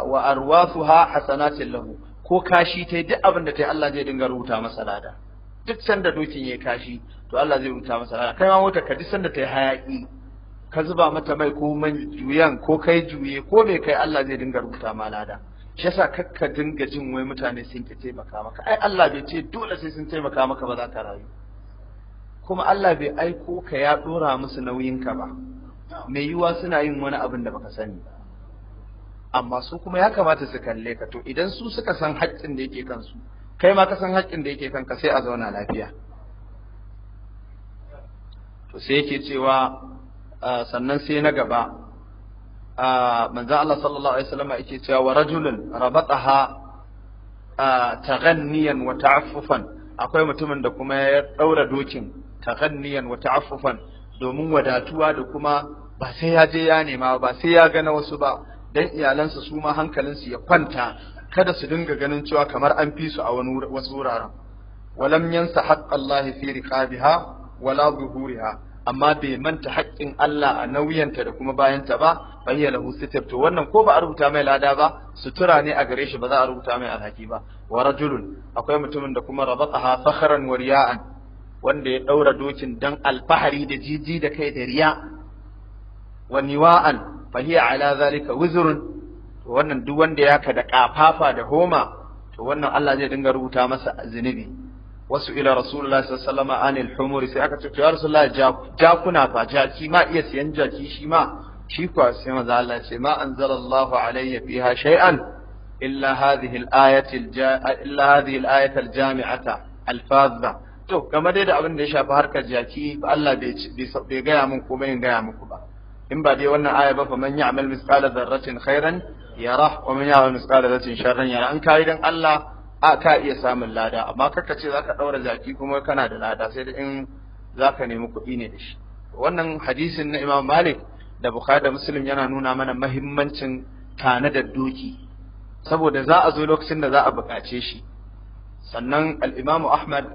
wa arwasuha hasanatin lahu. ko kashi ta yi duk abin da ta yi Allah zai dinga rubuta masa lada duk sanda dokin ya kashi to Allah zai rubuta masa lada kai ma mota ka duk sanda ta yi hayaki ka zuba mata mai ko man juyan ko kai juye ko bai kai Allah zai dinga rubuta ma lada shi yasa kakka dinga jin wai mutane sun ki taimaka maka ai Allah bai ce dole sai sun taimaka maka ba za ka rayu kuma Allah bai aiko ka ya dora musu nauyin ka ba mai yiwuwa suna yin wani abin da baka sani ba amma su kuma ya kamata su kalle ka to idan su suka san haƙƙin da yake kansu kai ma ka san haƙƙin da yake kanka sai a zauna lafiya to sai yake cewa ah, sannan sai na gaba ah, manzo Allah sallallahu alaihi wasallam yake cewa wa rajulun rabataha ah, ganniyan wa ta'affufan akwai mutumin da kuma ya daura dokin ganniyan wa ta'affufan domin wadatuwa da kuma ba sai ya je ya nema ba sai ya gana wasu ba dan iyalansa su ma hankalinsu ya kwanta kada su dinga ganin cewa kamar an fi su a wasu wuraren walam yansa haqqallahi fi riqabiha wala zuhuriha amma bai manta haƙƙin Allah a nauyanta da kuma bayanta ba bayya lahu sitir to wannan ko ba a rubuta mai lada ba sutura ne a gare shi ba za a rubuta mai alhaki ba wa rajulun akwai mutumin da kuma rabataha fakhran wa riya'an wanda ya daura dokin dan alfahari da jiji da kai da riya wa niwa'an fa hiya ala zalika wuzrun to wannan duk wanda ya da kafafa da homa to wannan Allah zai dinga rubuta masa zunubi wasu ila rasulullah sallallahu alaihi anil humuri sai aka ce to ya rasulullah jakuna fa jaki ma iya siyan jaki shi ma shi kwa sai manzo Allah ce ma anzalallahu alayya fiha shay'an illa hadhihi al-ayati illa hadhihi al-ayati al-jami'ata al-fadha to kamar dai da abin da ya shafi harkar jaki Allah bai bai gaya min komai in gaya muku ba in ba dai wannan aya ba fa man ya'mal misqala dharratin khairan yara wa man ya'mal misqala dharratin sharran yara an kai dan Allah a ka iya samun lada amma karka ce zaka daura zaki kuma kana da lada sai da in zaka nemi kuɗi ne da shi wannan hadisin na Imam Malik da Bukhari da Muslim yana nuna mana mahimmancin da doki saboda za a zo lokacin da za a buƙace shi sannan al-Imam Ahmad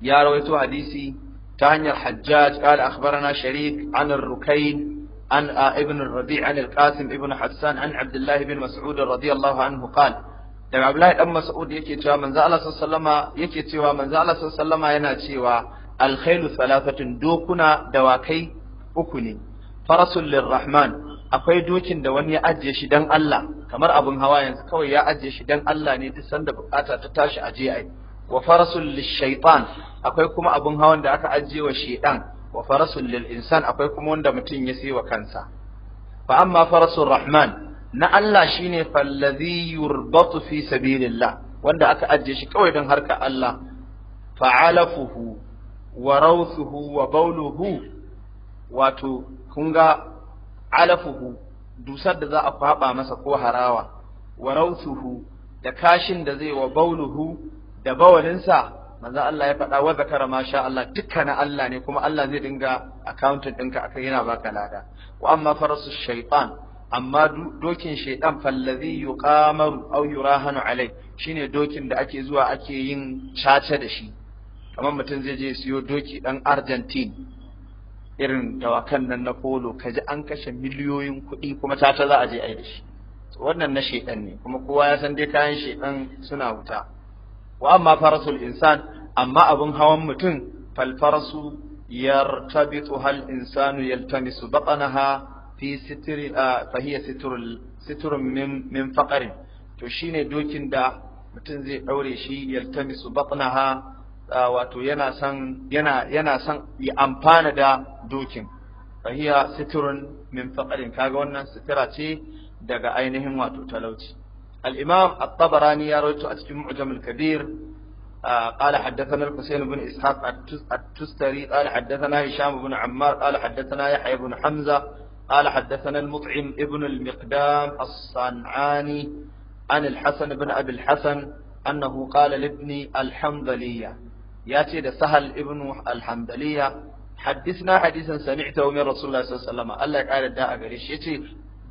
ya rawaito hadisi تهني الحجاج قال أخبرنا شريك عن الركين عن ابن الربيع عن القاسم ابن حسان عن عبد الله بن مسعود رضي الله daga Abdullahi dan Mas'ud yake cewa manzo Allah sallama yake yana cewa alkhailu salafatun dokuna dawakai uku ne farasul lirrahman akwai dokin da wani ya ajiye shi dan Allah kamar abun hawa yanzu kawai ya ajiye shi dan Allah ne duk sanda bukata ta tashi a ai wa farasul lishaitan akwai kuma abun hawan da aka ajiye wa shaitan wa farasul lil insan akwai kuma wanda mutum ya sai wa kansa fa amma farasun rahman na Allah shine fallazi yurbatu fi sabilillah wanda aka ajiye shi kawai don harka Allah fa'alafuhu wa rawthuhu wa bawluhu wato kun ga alafuhu dusar da za a kwaba masa ko harawa wa rawthuhu da kashin da zai wa bawluhu da bawalinsa manzo Allah ya faɗa wa zakara ma sha Allah dukkan Allah ne kuma Allah zai dinga accounting ɗinka akai yana baka lada wa amma farasu shaytan amma dokin shaytan fallazi yuqamaru aw yurahanu alai shine dokin da ake zuwa ake yin caca da shi kamar mutum zai je siyo doki dan Argentine irin dawakan nan na polo kaji an kashe miliyoyin kuɗi kuma caca za a je a yi da shi wannan na shaidan ne kuma kowa ya san dai kayan shaidan suna wuta wa amma farasul insan amma abun hawan mutum fal farasu yartabitu hal insanu yaltamisu batanaha fi sitri fa hiya sitrul sitrun min min faqarin to shine dokin da mutum zai daure shi yaltamisu batnaha wato yana san yana yana san ya amfana da dokin fa hiya sitrun min faqarin kaga wannan sitira ce daga ainihin wato talauci الإمام الطبراني يروي أتكم معجم الكبير قال حدثنا الحسين بن إسحاق التستري قال حدثنا هشام بن عمار قال حدثنا يحيى بن حمزة قال حدثنا المطعم ابن المقدام الصنعاني عن الحسن بن أبي الحسن أنه قال لابن الحنظلية ياتي سهل ابن الحنظلية حدثنا حديثا سمعته من رسول الله صلى الله عليه وسلم الله قال داء قريش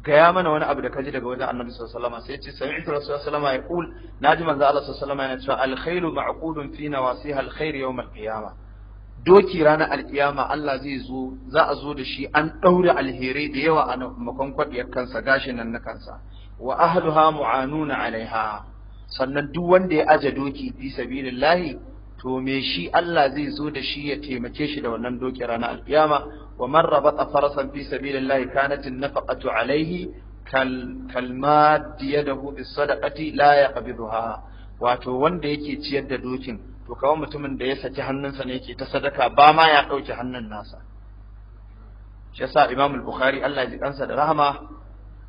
gaya mana wani abu da kaji daga wajen annabi sallallahu alaihi wasallam sai ya ce sami'tu rasulullah sallallahu alaihi wasallam yaqul naji manzo Allah sallallahu alaihi wasallam yana cewa alkhairu ma'qudun fi nawasiha alkhair yawm alqiyama doki ranar alkiyama Allah zai zo za a zo da shi an daure alherai da yawa a makon kansa gashin nan na kansa wa ahluha mu'anuna alaiha sannan duk wanda ya aje doki fi sabilillahi to me shi Allah zai zo da shi ya taimake shi da wannan doki ranar alkiyama wa man rabata farasan fi sabilillahi kanat an-nafaqatu alayhi kalmad yadahu bis sadaqati wato wanda yake ciyar da dokin to kawai mutumin da ya saki hannunsa ne yake ta sadaka ba ma ya ɗauki hannun nasa shi yasa Imam al-Bukhari Allah ya ji kansa da rahama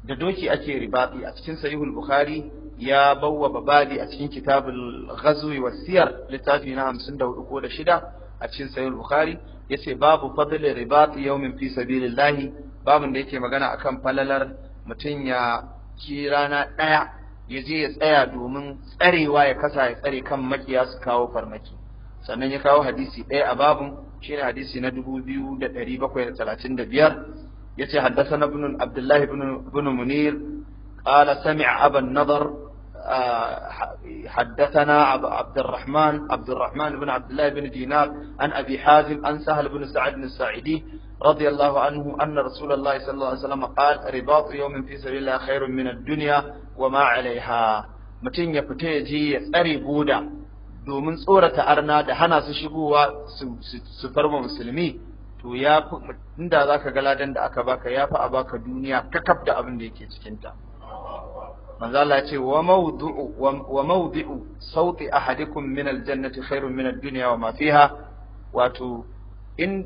da doki ake ribati a cikin sahihul Bukhari ya bawwa babadi a cikin kitabul ghazwi was siyar littafi na 54 ko da shida a cikin sahihul Bukhari yace babu fadli ribat yawmin fi sabilillahi babun da yake magana akan falalar mutum ya ki rana daya ya je ya tsaya domin tsarewa ya kasa ya tsare kan makiya su kawo farmaki sannan ya kawo hadisi ɗaya a babun shine hadisi na 2735 yace haddasa ibn Abdullah ibn ibn Munir qala sami'a aban nadar حدثنا عبد الرحمن عبد الرحمن بن عبد الله بن دينار عن أبي حازم عن سهل بن سعد بن الساعدي رضي الله عنه أن رسول الله صلى الله عليه وسلم قال رباط يوم في سبيل الله خير من الدنيا وما عليها متين يفتيجي يسري بودا domin tsorata arna da hana su shigowa su farma musulmi to ya fi inda za ka ga ladan da aka baka ya fi a baka duniya kakaf da abin da yake cikinta. manzo Allah ce wa mawdu'u wa mawdi'u sauti ahadikum min aljannati khairun min ad-dunya wa ma fiha wato in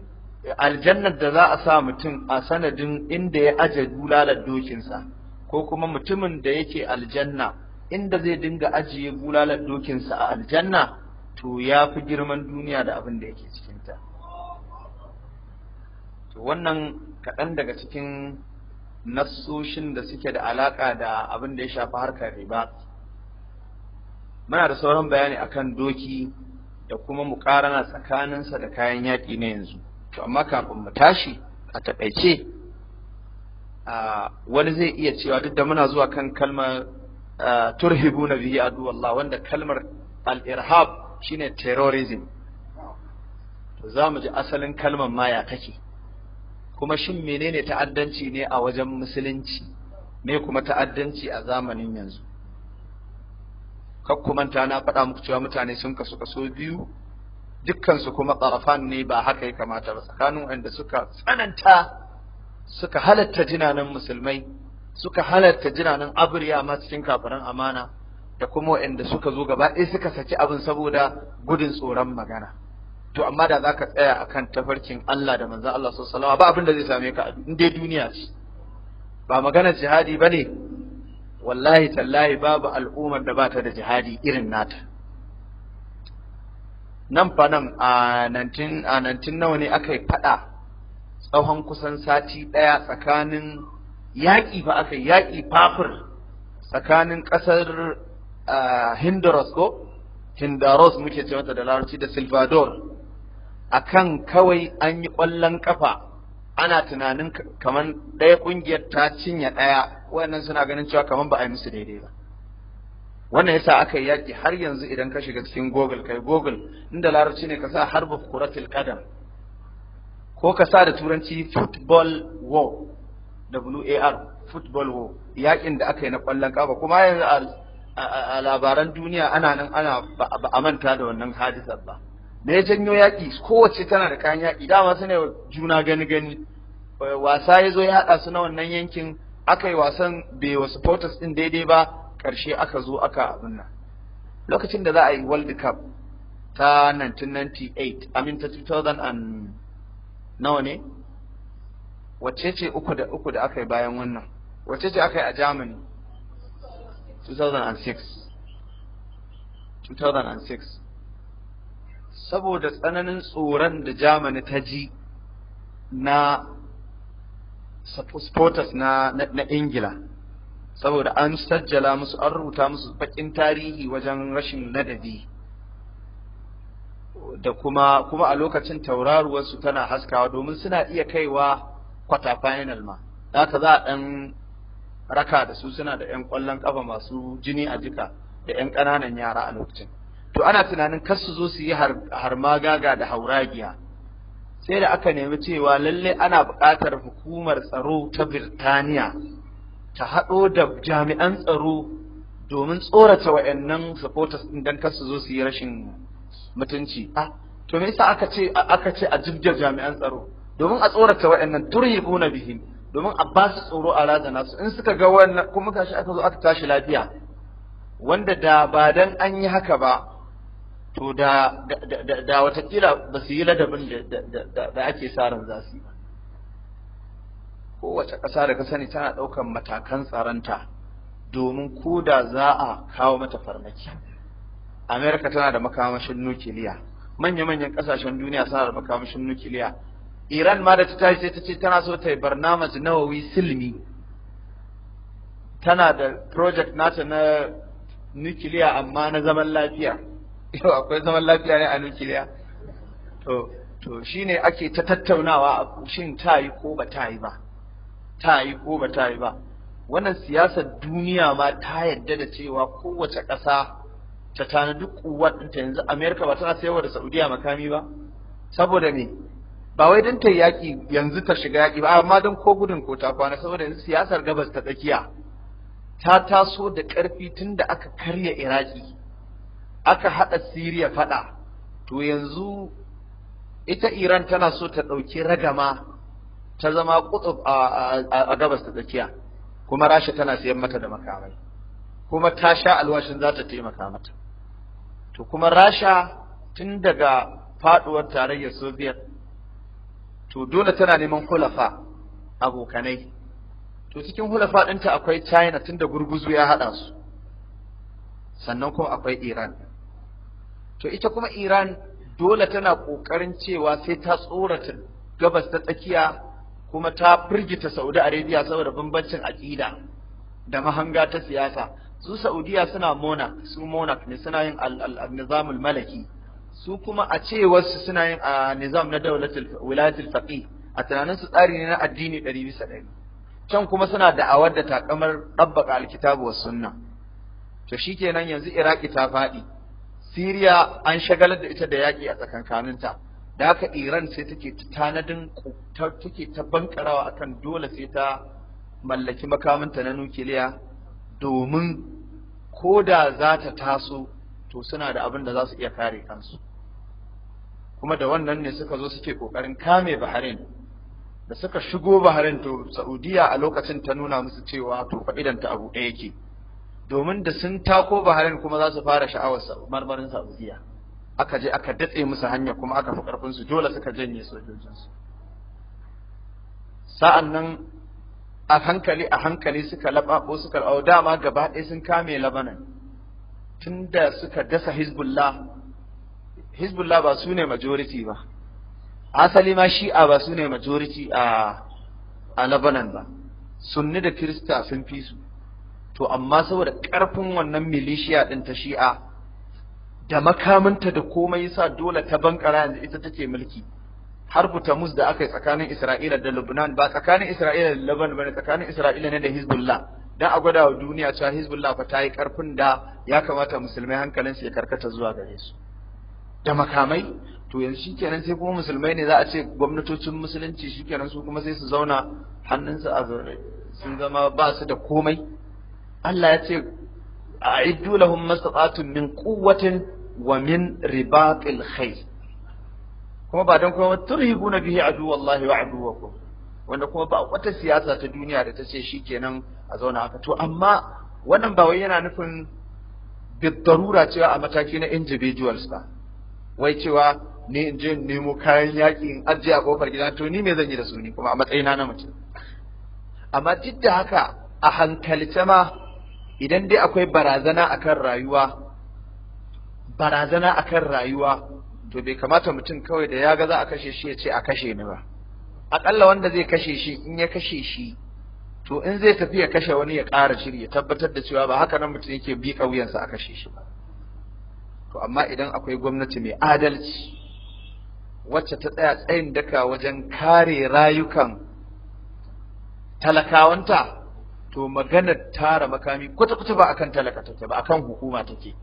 aljannar da za a sa mutum a sanadin inda ya aje bulalar sa, ko kuma mutumin da yake aljanna inda zai dinga ajiye bulalar sa a aljanna to ya fi girman duniya da abin da yake cikinta to wannan kaɗan daga cikin nassoshin da suke da alaƙa da abin da ya shafi harkar riba muna da sauran bayani akan doki da kuma mukarana tsakaninsa da kayan yaƙi na yanzu to amma kafin mu tashi a taƙaice wani zai iya cewa duk da muna zuwa kan kalmar turhibu na biyu aduwallah wanda kalmar al-irhab shine terrorism to za mu ji asalin kalmar maya take kuma shin menene ta'addanci ne a wajen musulunci me kuma ta'addanci a zamanin yanzu kakkumanta na faɗa muku cewa mutane sun kasu kaso biyu dukkansu kuma ƙarafan ne ba haka ya kamata ba tsakanin wanda suka tsananta suka halatta jinanin musulmai suka halatta jinanin abirya ma cikin kafiran amana da kuma wanda suka zo gaba ɗaya suka saki abin saboda gudun tsoron magana to amma da za ka tsaya a kan tafarkin Allah da manzan Allah sallallahu ba abin da zai same ka in dai duniya ce ba maganar jihadi ba ne? wallahi tallahi babu al'ummar da bata da jihadi irin nata nan fa nan a nantin nawa ne aka yi fada tsawon kusan sati ɗaya tsakanin yaƙi fa aka yi yaƙi fafur tsakanin ƙasar Hindaros ko Hindaros muke ce mata da larabci da silvador akan kawai an yi ƙwallon ƙafa, ana tunanin kamar ɗaya ƙungiyar ta cinye ɗaya wannan suna ganin cewa kamar ba a yi musu daidai ba wannan yasa aka yi yaƙi har yanzu idan ka shiga cikin google kai google inda larabci ne ka sa harba kuratul qadam ko ka sa da turanci football war war football war yaƙin da aka yi na ƙwallon kafa kuma yanzu a labaran duniya ana nan ana ba a manta da wannan hadisar ba da ya janyo yaƙi kowace tana da kayan yaƙi dama su ne juna gani gani eh, wasa ya zo ya haɗa su na wannan yankin aka yi wasan bai wa supporters ɗin daidai ba ƙarshe aka zo aka abin nan lokacin da za a yi world cup ta 1998 amin ta 2000 and nawa ne wacce ce uku da uku da aka yi bayan wannan wacce ce aka yi a germany 2006 2006 saboda tsananin tsoron da jamani ta ji na supporters na, Ingila saboda an sajjala musu an rubuta musu bakin tarihi wajen rashin ladabi da kuma kuma a lokacin tauraruwarsu tana haskawa domin suna iya kaiwa kwata final ma haka za a ɗan raka da su suna da 'yan ƙwallon ƙafa masu jini a jika da 'yan ƙananan yara a lokacin to ana tunanin kar su zo su yi har magaga da hauragiya sai da aka nemi cewa lalle ana buƙatar hukumar tsaro ta Birtaniya ta haɗo da jami'an tsaro domin tsorata wa'annan supporters din dan kar su zo su yi rashin mutunci ah, to me yasa aka ce aka ce a jibjar jami'an tsaro domin a tsorata wa'annan turhibuna bihim domin a ba su tsoro a raza su in suka ga wannan kuma kashi aka zo aka tashi lafiya wanda da ba dan an yi haka ba to da da watakila ba su yi ladabin da ake sa ran za su yi ba kowace ƙasa da ka sani tana ɗaukar matakan tsaronta domin ko da za a kawo mata farmaki amerika tana da makamashin nukiliya manya-manyan ƙasashen duniya suna da makamashin nukiliya iran ma da ta tashi ta ce tana so ta yi barnamaj nawawi silmi tana da project nata na nukiliya amma na zaman lafiya yau akwai zaman lafiya ne a nukiliya to to shine ake ta tattaunawa a shin ta yi ko ba ta yi ba ta yi ko ba ta yi ba wannan siyasar duniya ma ta yadda da cewa kowace ƙasa ta duk kuwar ɗinta yanzu amerika ba tana sayarwa da saudiya makami ba saboda me ba wai don ta yaƙi yanzu ta shiga yaƙi ba amma don ko gudun ko ta kwana saboda yanzu siyasar gabas ta tsakiya ta taso da ƙarfi tun da aka karya iraki aka haɗa Siriya faɗa to yanzu ita Iran tana so ta ɗauki ragama ta zama kutsuf a gabas ta tsakiya kuma Rasha tana siyan mata da makamai kuma ta sha alwashin za ta taimaka mata to kuma Rasha tun daga faɗuwar tarayyar Soviet to dole tana neman hulafa abokanai to cikin hulafa ɗinta akwai China tunda gurguzu ya haɗa su sannan kuma akwai Iran to ita kuma Iran dole tana ƙoƙarin cewa sai ta tsorata gabas ta tsakiya kuma ta firgita Saudi Arabia saboda bambancin aƙida da mahanga ta siyasa su Saudiya suna monarch su monarch ne suna yin al-nizamul malaki su kuma a cewar su suna yin a nizam na daulatul wilayatul faqih a tunanin su tsari ne na addini 100 can kuma suna da'awar da takamar dabbaka alkitabu was sunna to shikenan yanzu Iraki ta faɗi Siriya an shagalar da ita da yaƙi a tsakankaninta da haka Iran sai take tanadin take ta bankarawa akan dole sai ta mallaki makamanta na nukiliya domin ko da za ta taso to suna da abin da za su iya kare kansu kuma da wannan ne suka zo suke ƙoƙarin kame Bahrain da suka shigo Bahrain to Saudiya a lokacin ta nuna musu cewa to fa'idan ta abu ɗaya yake domin da sun tako baharin kuma za su fara sha'awar marmarin saudiya aka je aka datse musu hanya kuma aka fi karfin su dole suka janye sojojinsu sa'an nan a hankali a hankali suka ko suka au dama gaba ɗaya sun kame labanan tunda suka dasa hizbullah hizbullah ba su ne majority ba asali ma shi'a ba su ne majority a a labanan ba sunni da kirista sun fi su to amma saboda ƙarfin wannan milishiya ɗin ta shi'a da makamanta da komai sa dole ta bankara yanzu ita take mulki har butamus da aka yi tsakanin isra'ila da lubnan ba tsakanin isra'ila da laban ba tsakanin isra'ila ne da hezbollah dan a gwada wa duniya cewa hezbollah fa ta yi ƙarfin da ya kamata musulmai hankalin su ya karkata zuwa gare su da makamai to yanzu shikenan sai kuma musulmai ne za a ce gwamnatocin musulunci shikenan su kuma sai su zauna hannunsu a zaune sun zama ba su da komai Allah ya ce a'iddu lahum mastata'tum min quwwatin wa min ribatil khayl kuma ba dan kuma turhibuna bihi adu wallahi wa aduwakum wanda kuma ba wata siyasa ta duniya da ta ce shikenan a zauna haka to amma wannan ba wai yana nufin bidarura cewa a mataki na individuals ba wai cewa ni in je nemo kayan yaƙi in ajiye a kofar gida to ni me zan yi da su ni kuma a matsayina na mutum amma duk da haka a hankalce ma idan dai akwai barazana akan rayuwa barazana akan rayuwa to bai kamata mutum kawai da ya ga za a kashe shi ya ce a kashe ni ba aƙalla wanda zai kashe shi in ya kashe shi to in zai tafi ya kashe wani ya ƙara shiri ya tabbatar da cewa ba haka nan mutum yake bi ƙauyensa a kashe shi ba to amma idan akwai gwamnati mai adalci wacce ta tsaya tsayin daka wajen kare rayukan talakawanta to maganar tara makami kwata kwata ba akan talaka take ba akan hukuma take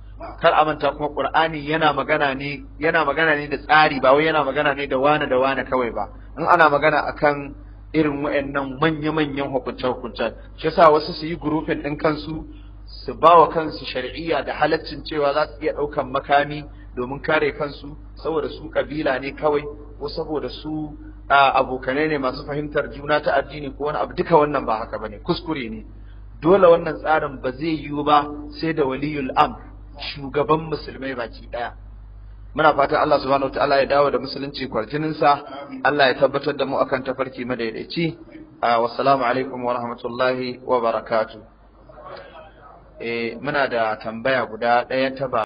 kar a manta kuma qur'ani yana magana ne yana magana ne da tsari ba wai yana magana ne da wane da wane kawai ba in ana magana akan irin wayannan manya-manyan hukunce-hukuncen shi yasa wasu su yi gurufin ɗin kansu su ba wa kansu shari'iyya da halaccin cewa za su iya ɗaukan makami domin kare kansu saboda su kabila ne kawai ko saboda su abokanai ne masu fahimtar juna ta addini ko wani abu duka wannan ba haka bane kuskure ne dole wannan tsarin ba zai yiwu ba sai da waliyul am shugaban musulmai baki daya muna fatan Allah subhanahu wataala ya dawo da musulunci kwarjinin sa, Allah ya tabbatar da mu akan tafarki madaidaici wassalamu alaikum wa rahmatullahi wa barakatuh eh muna da tambaya guda ɗaya ta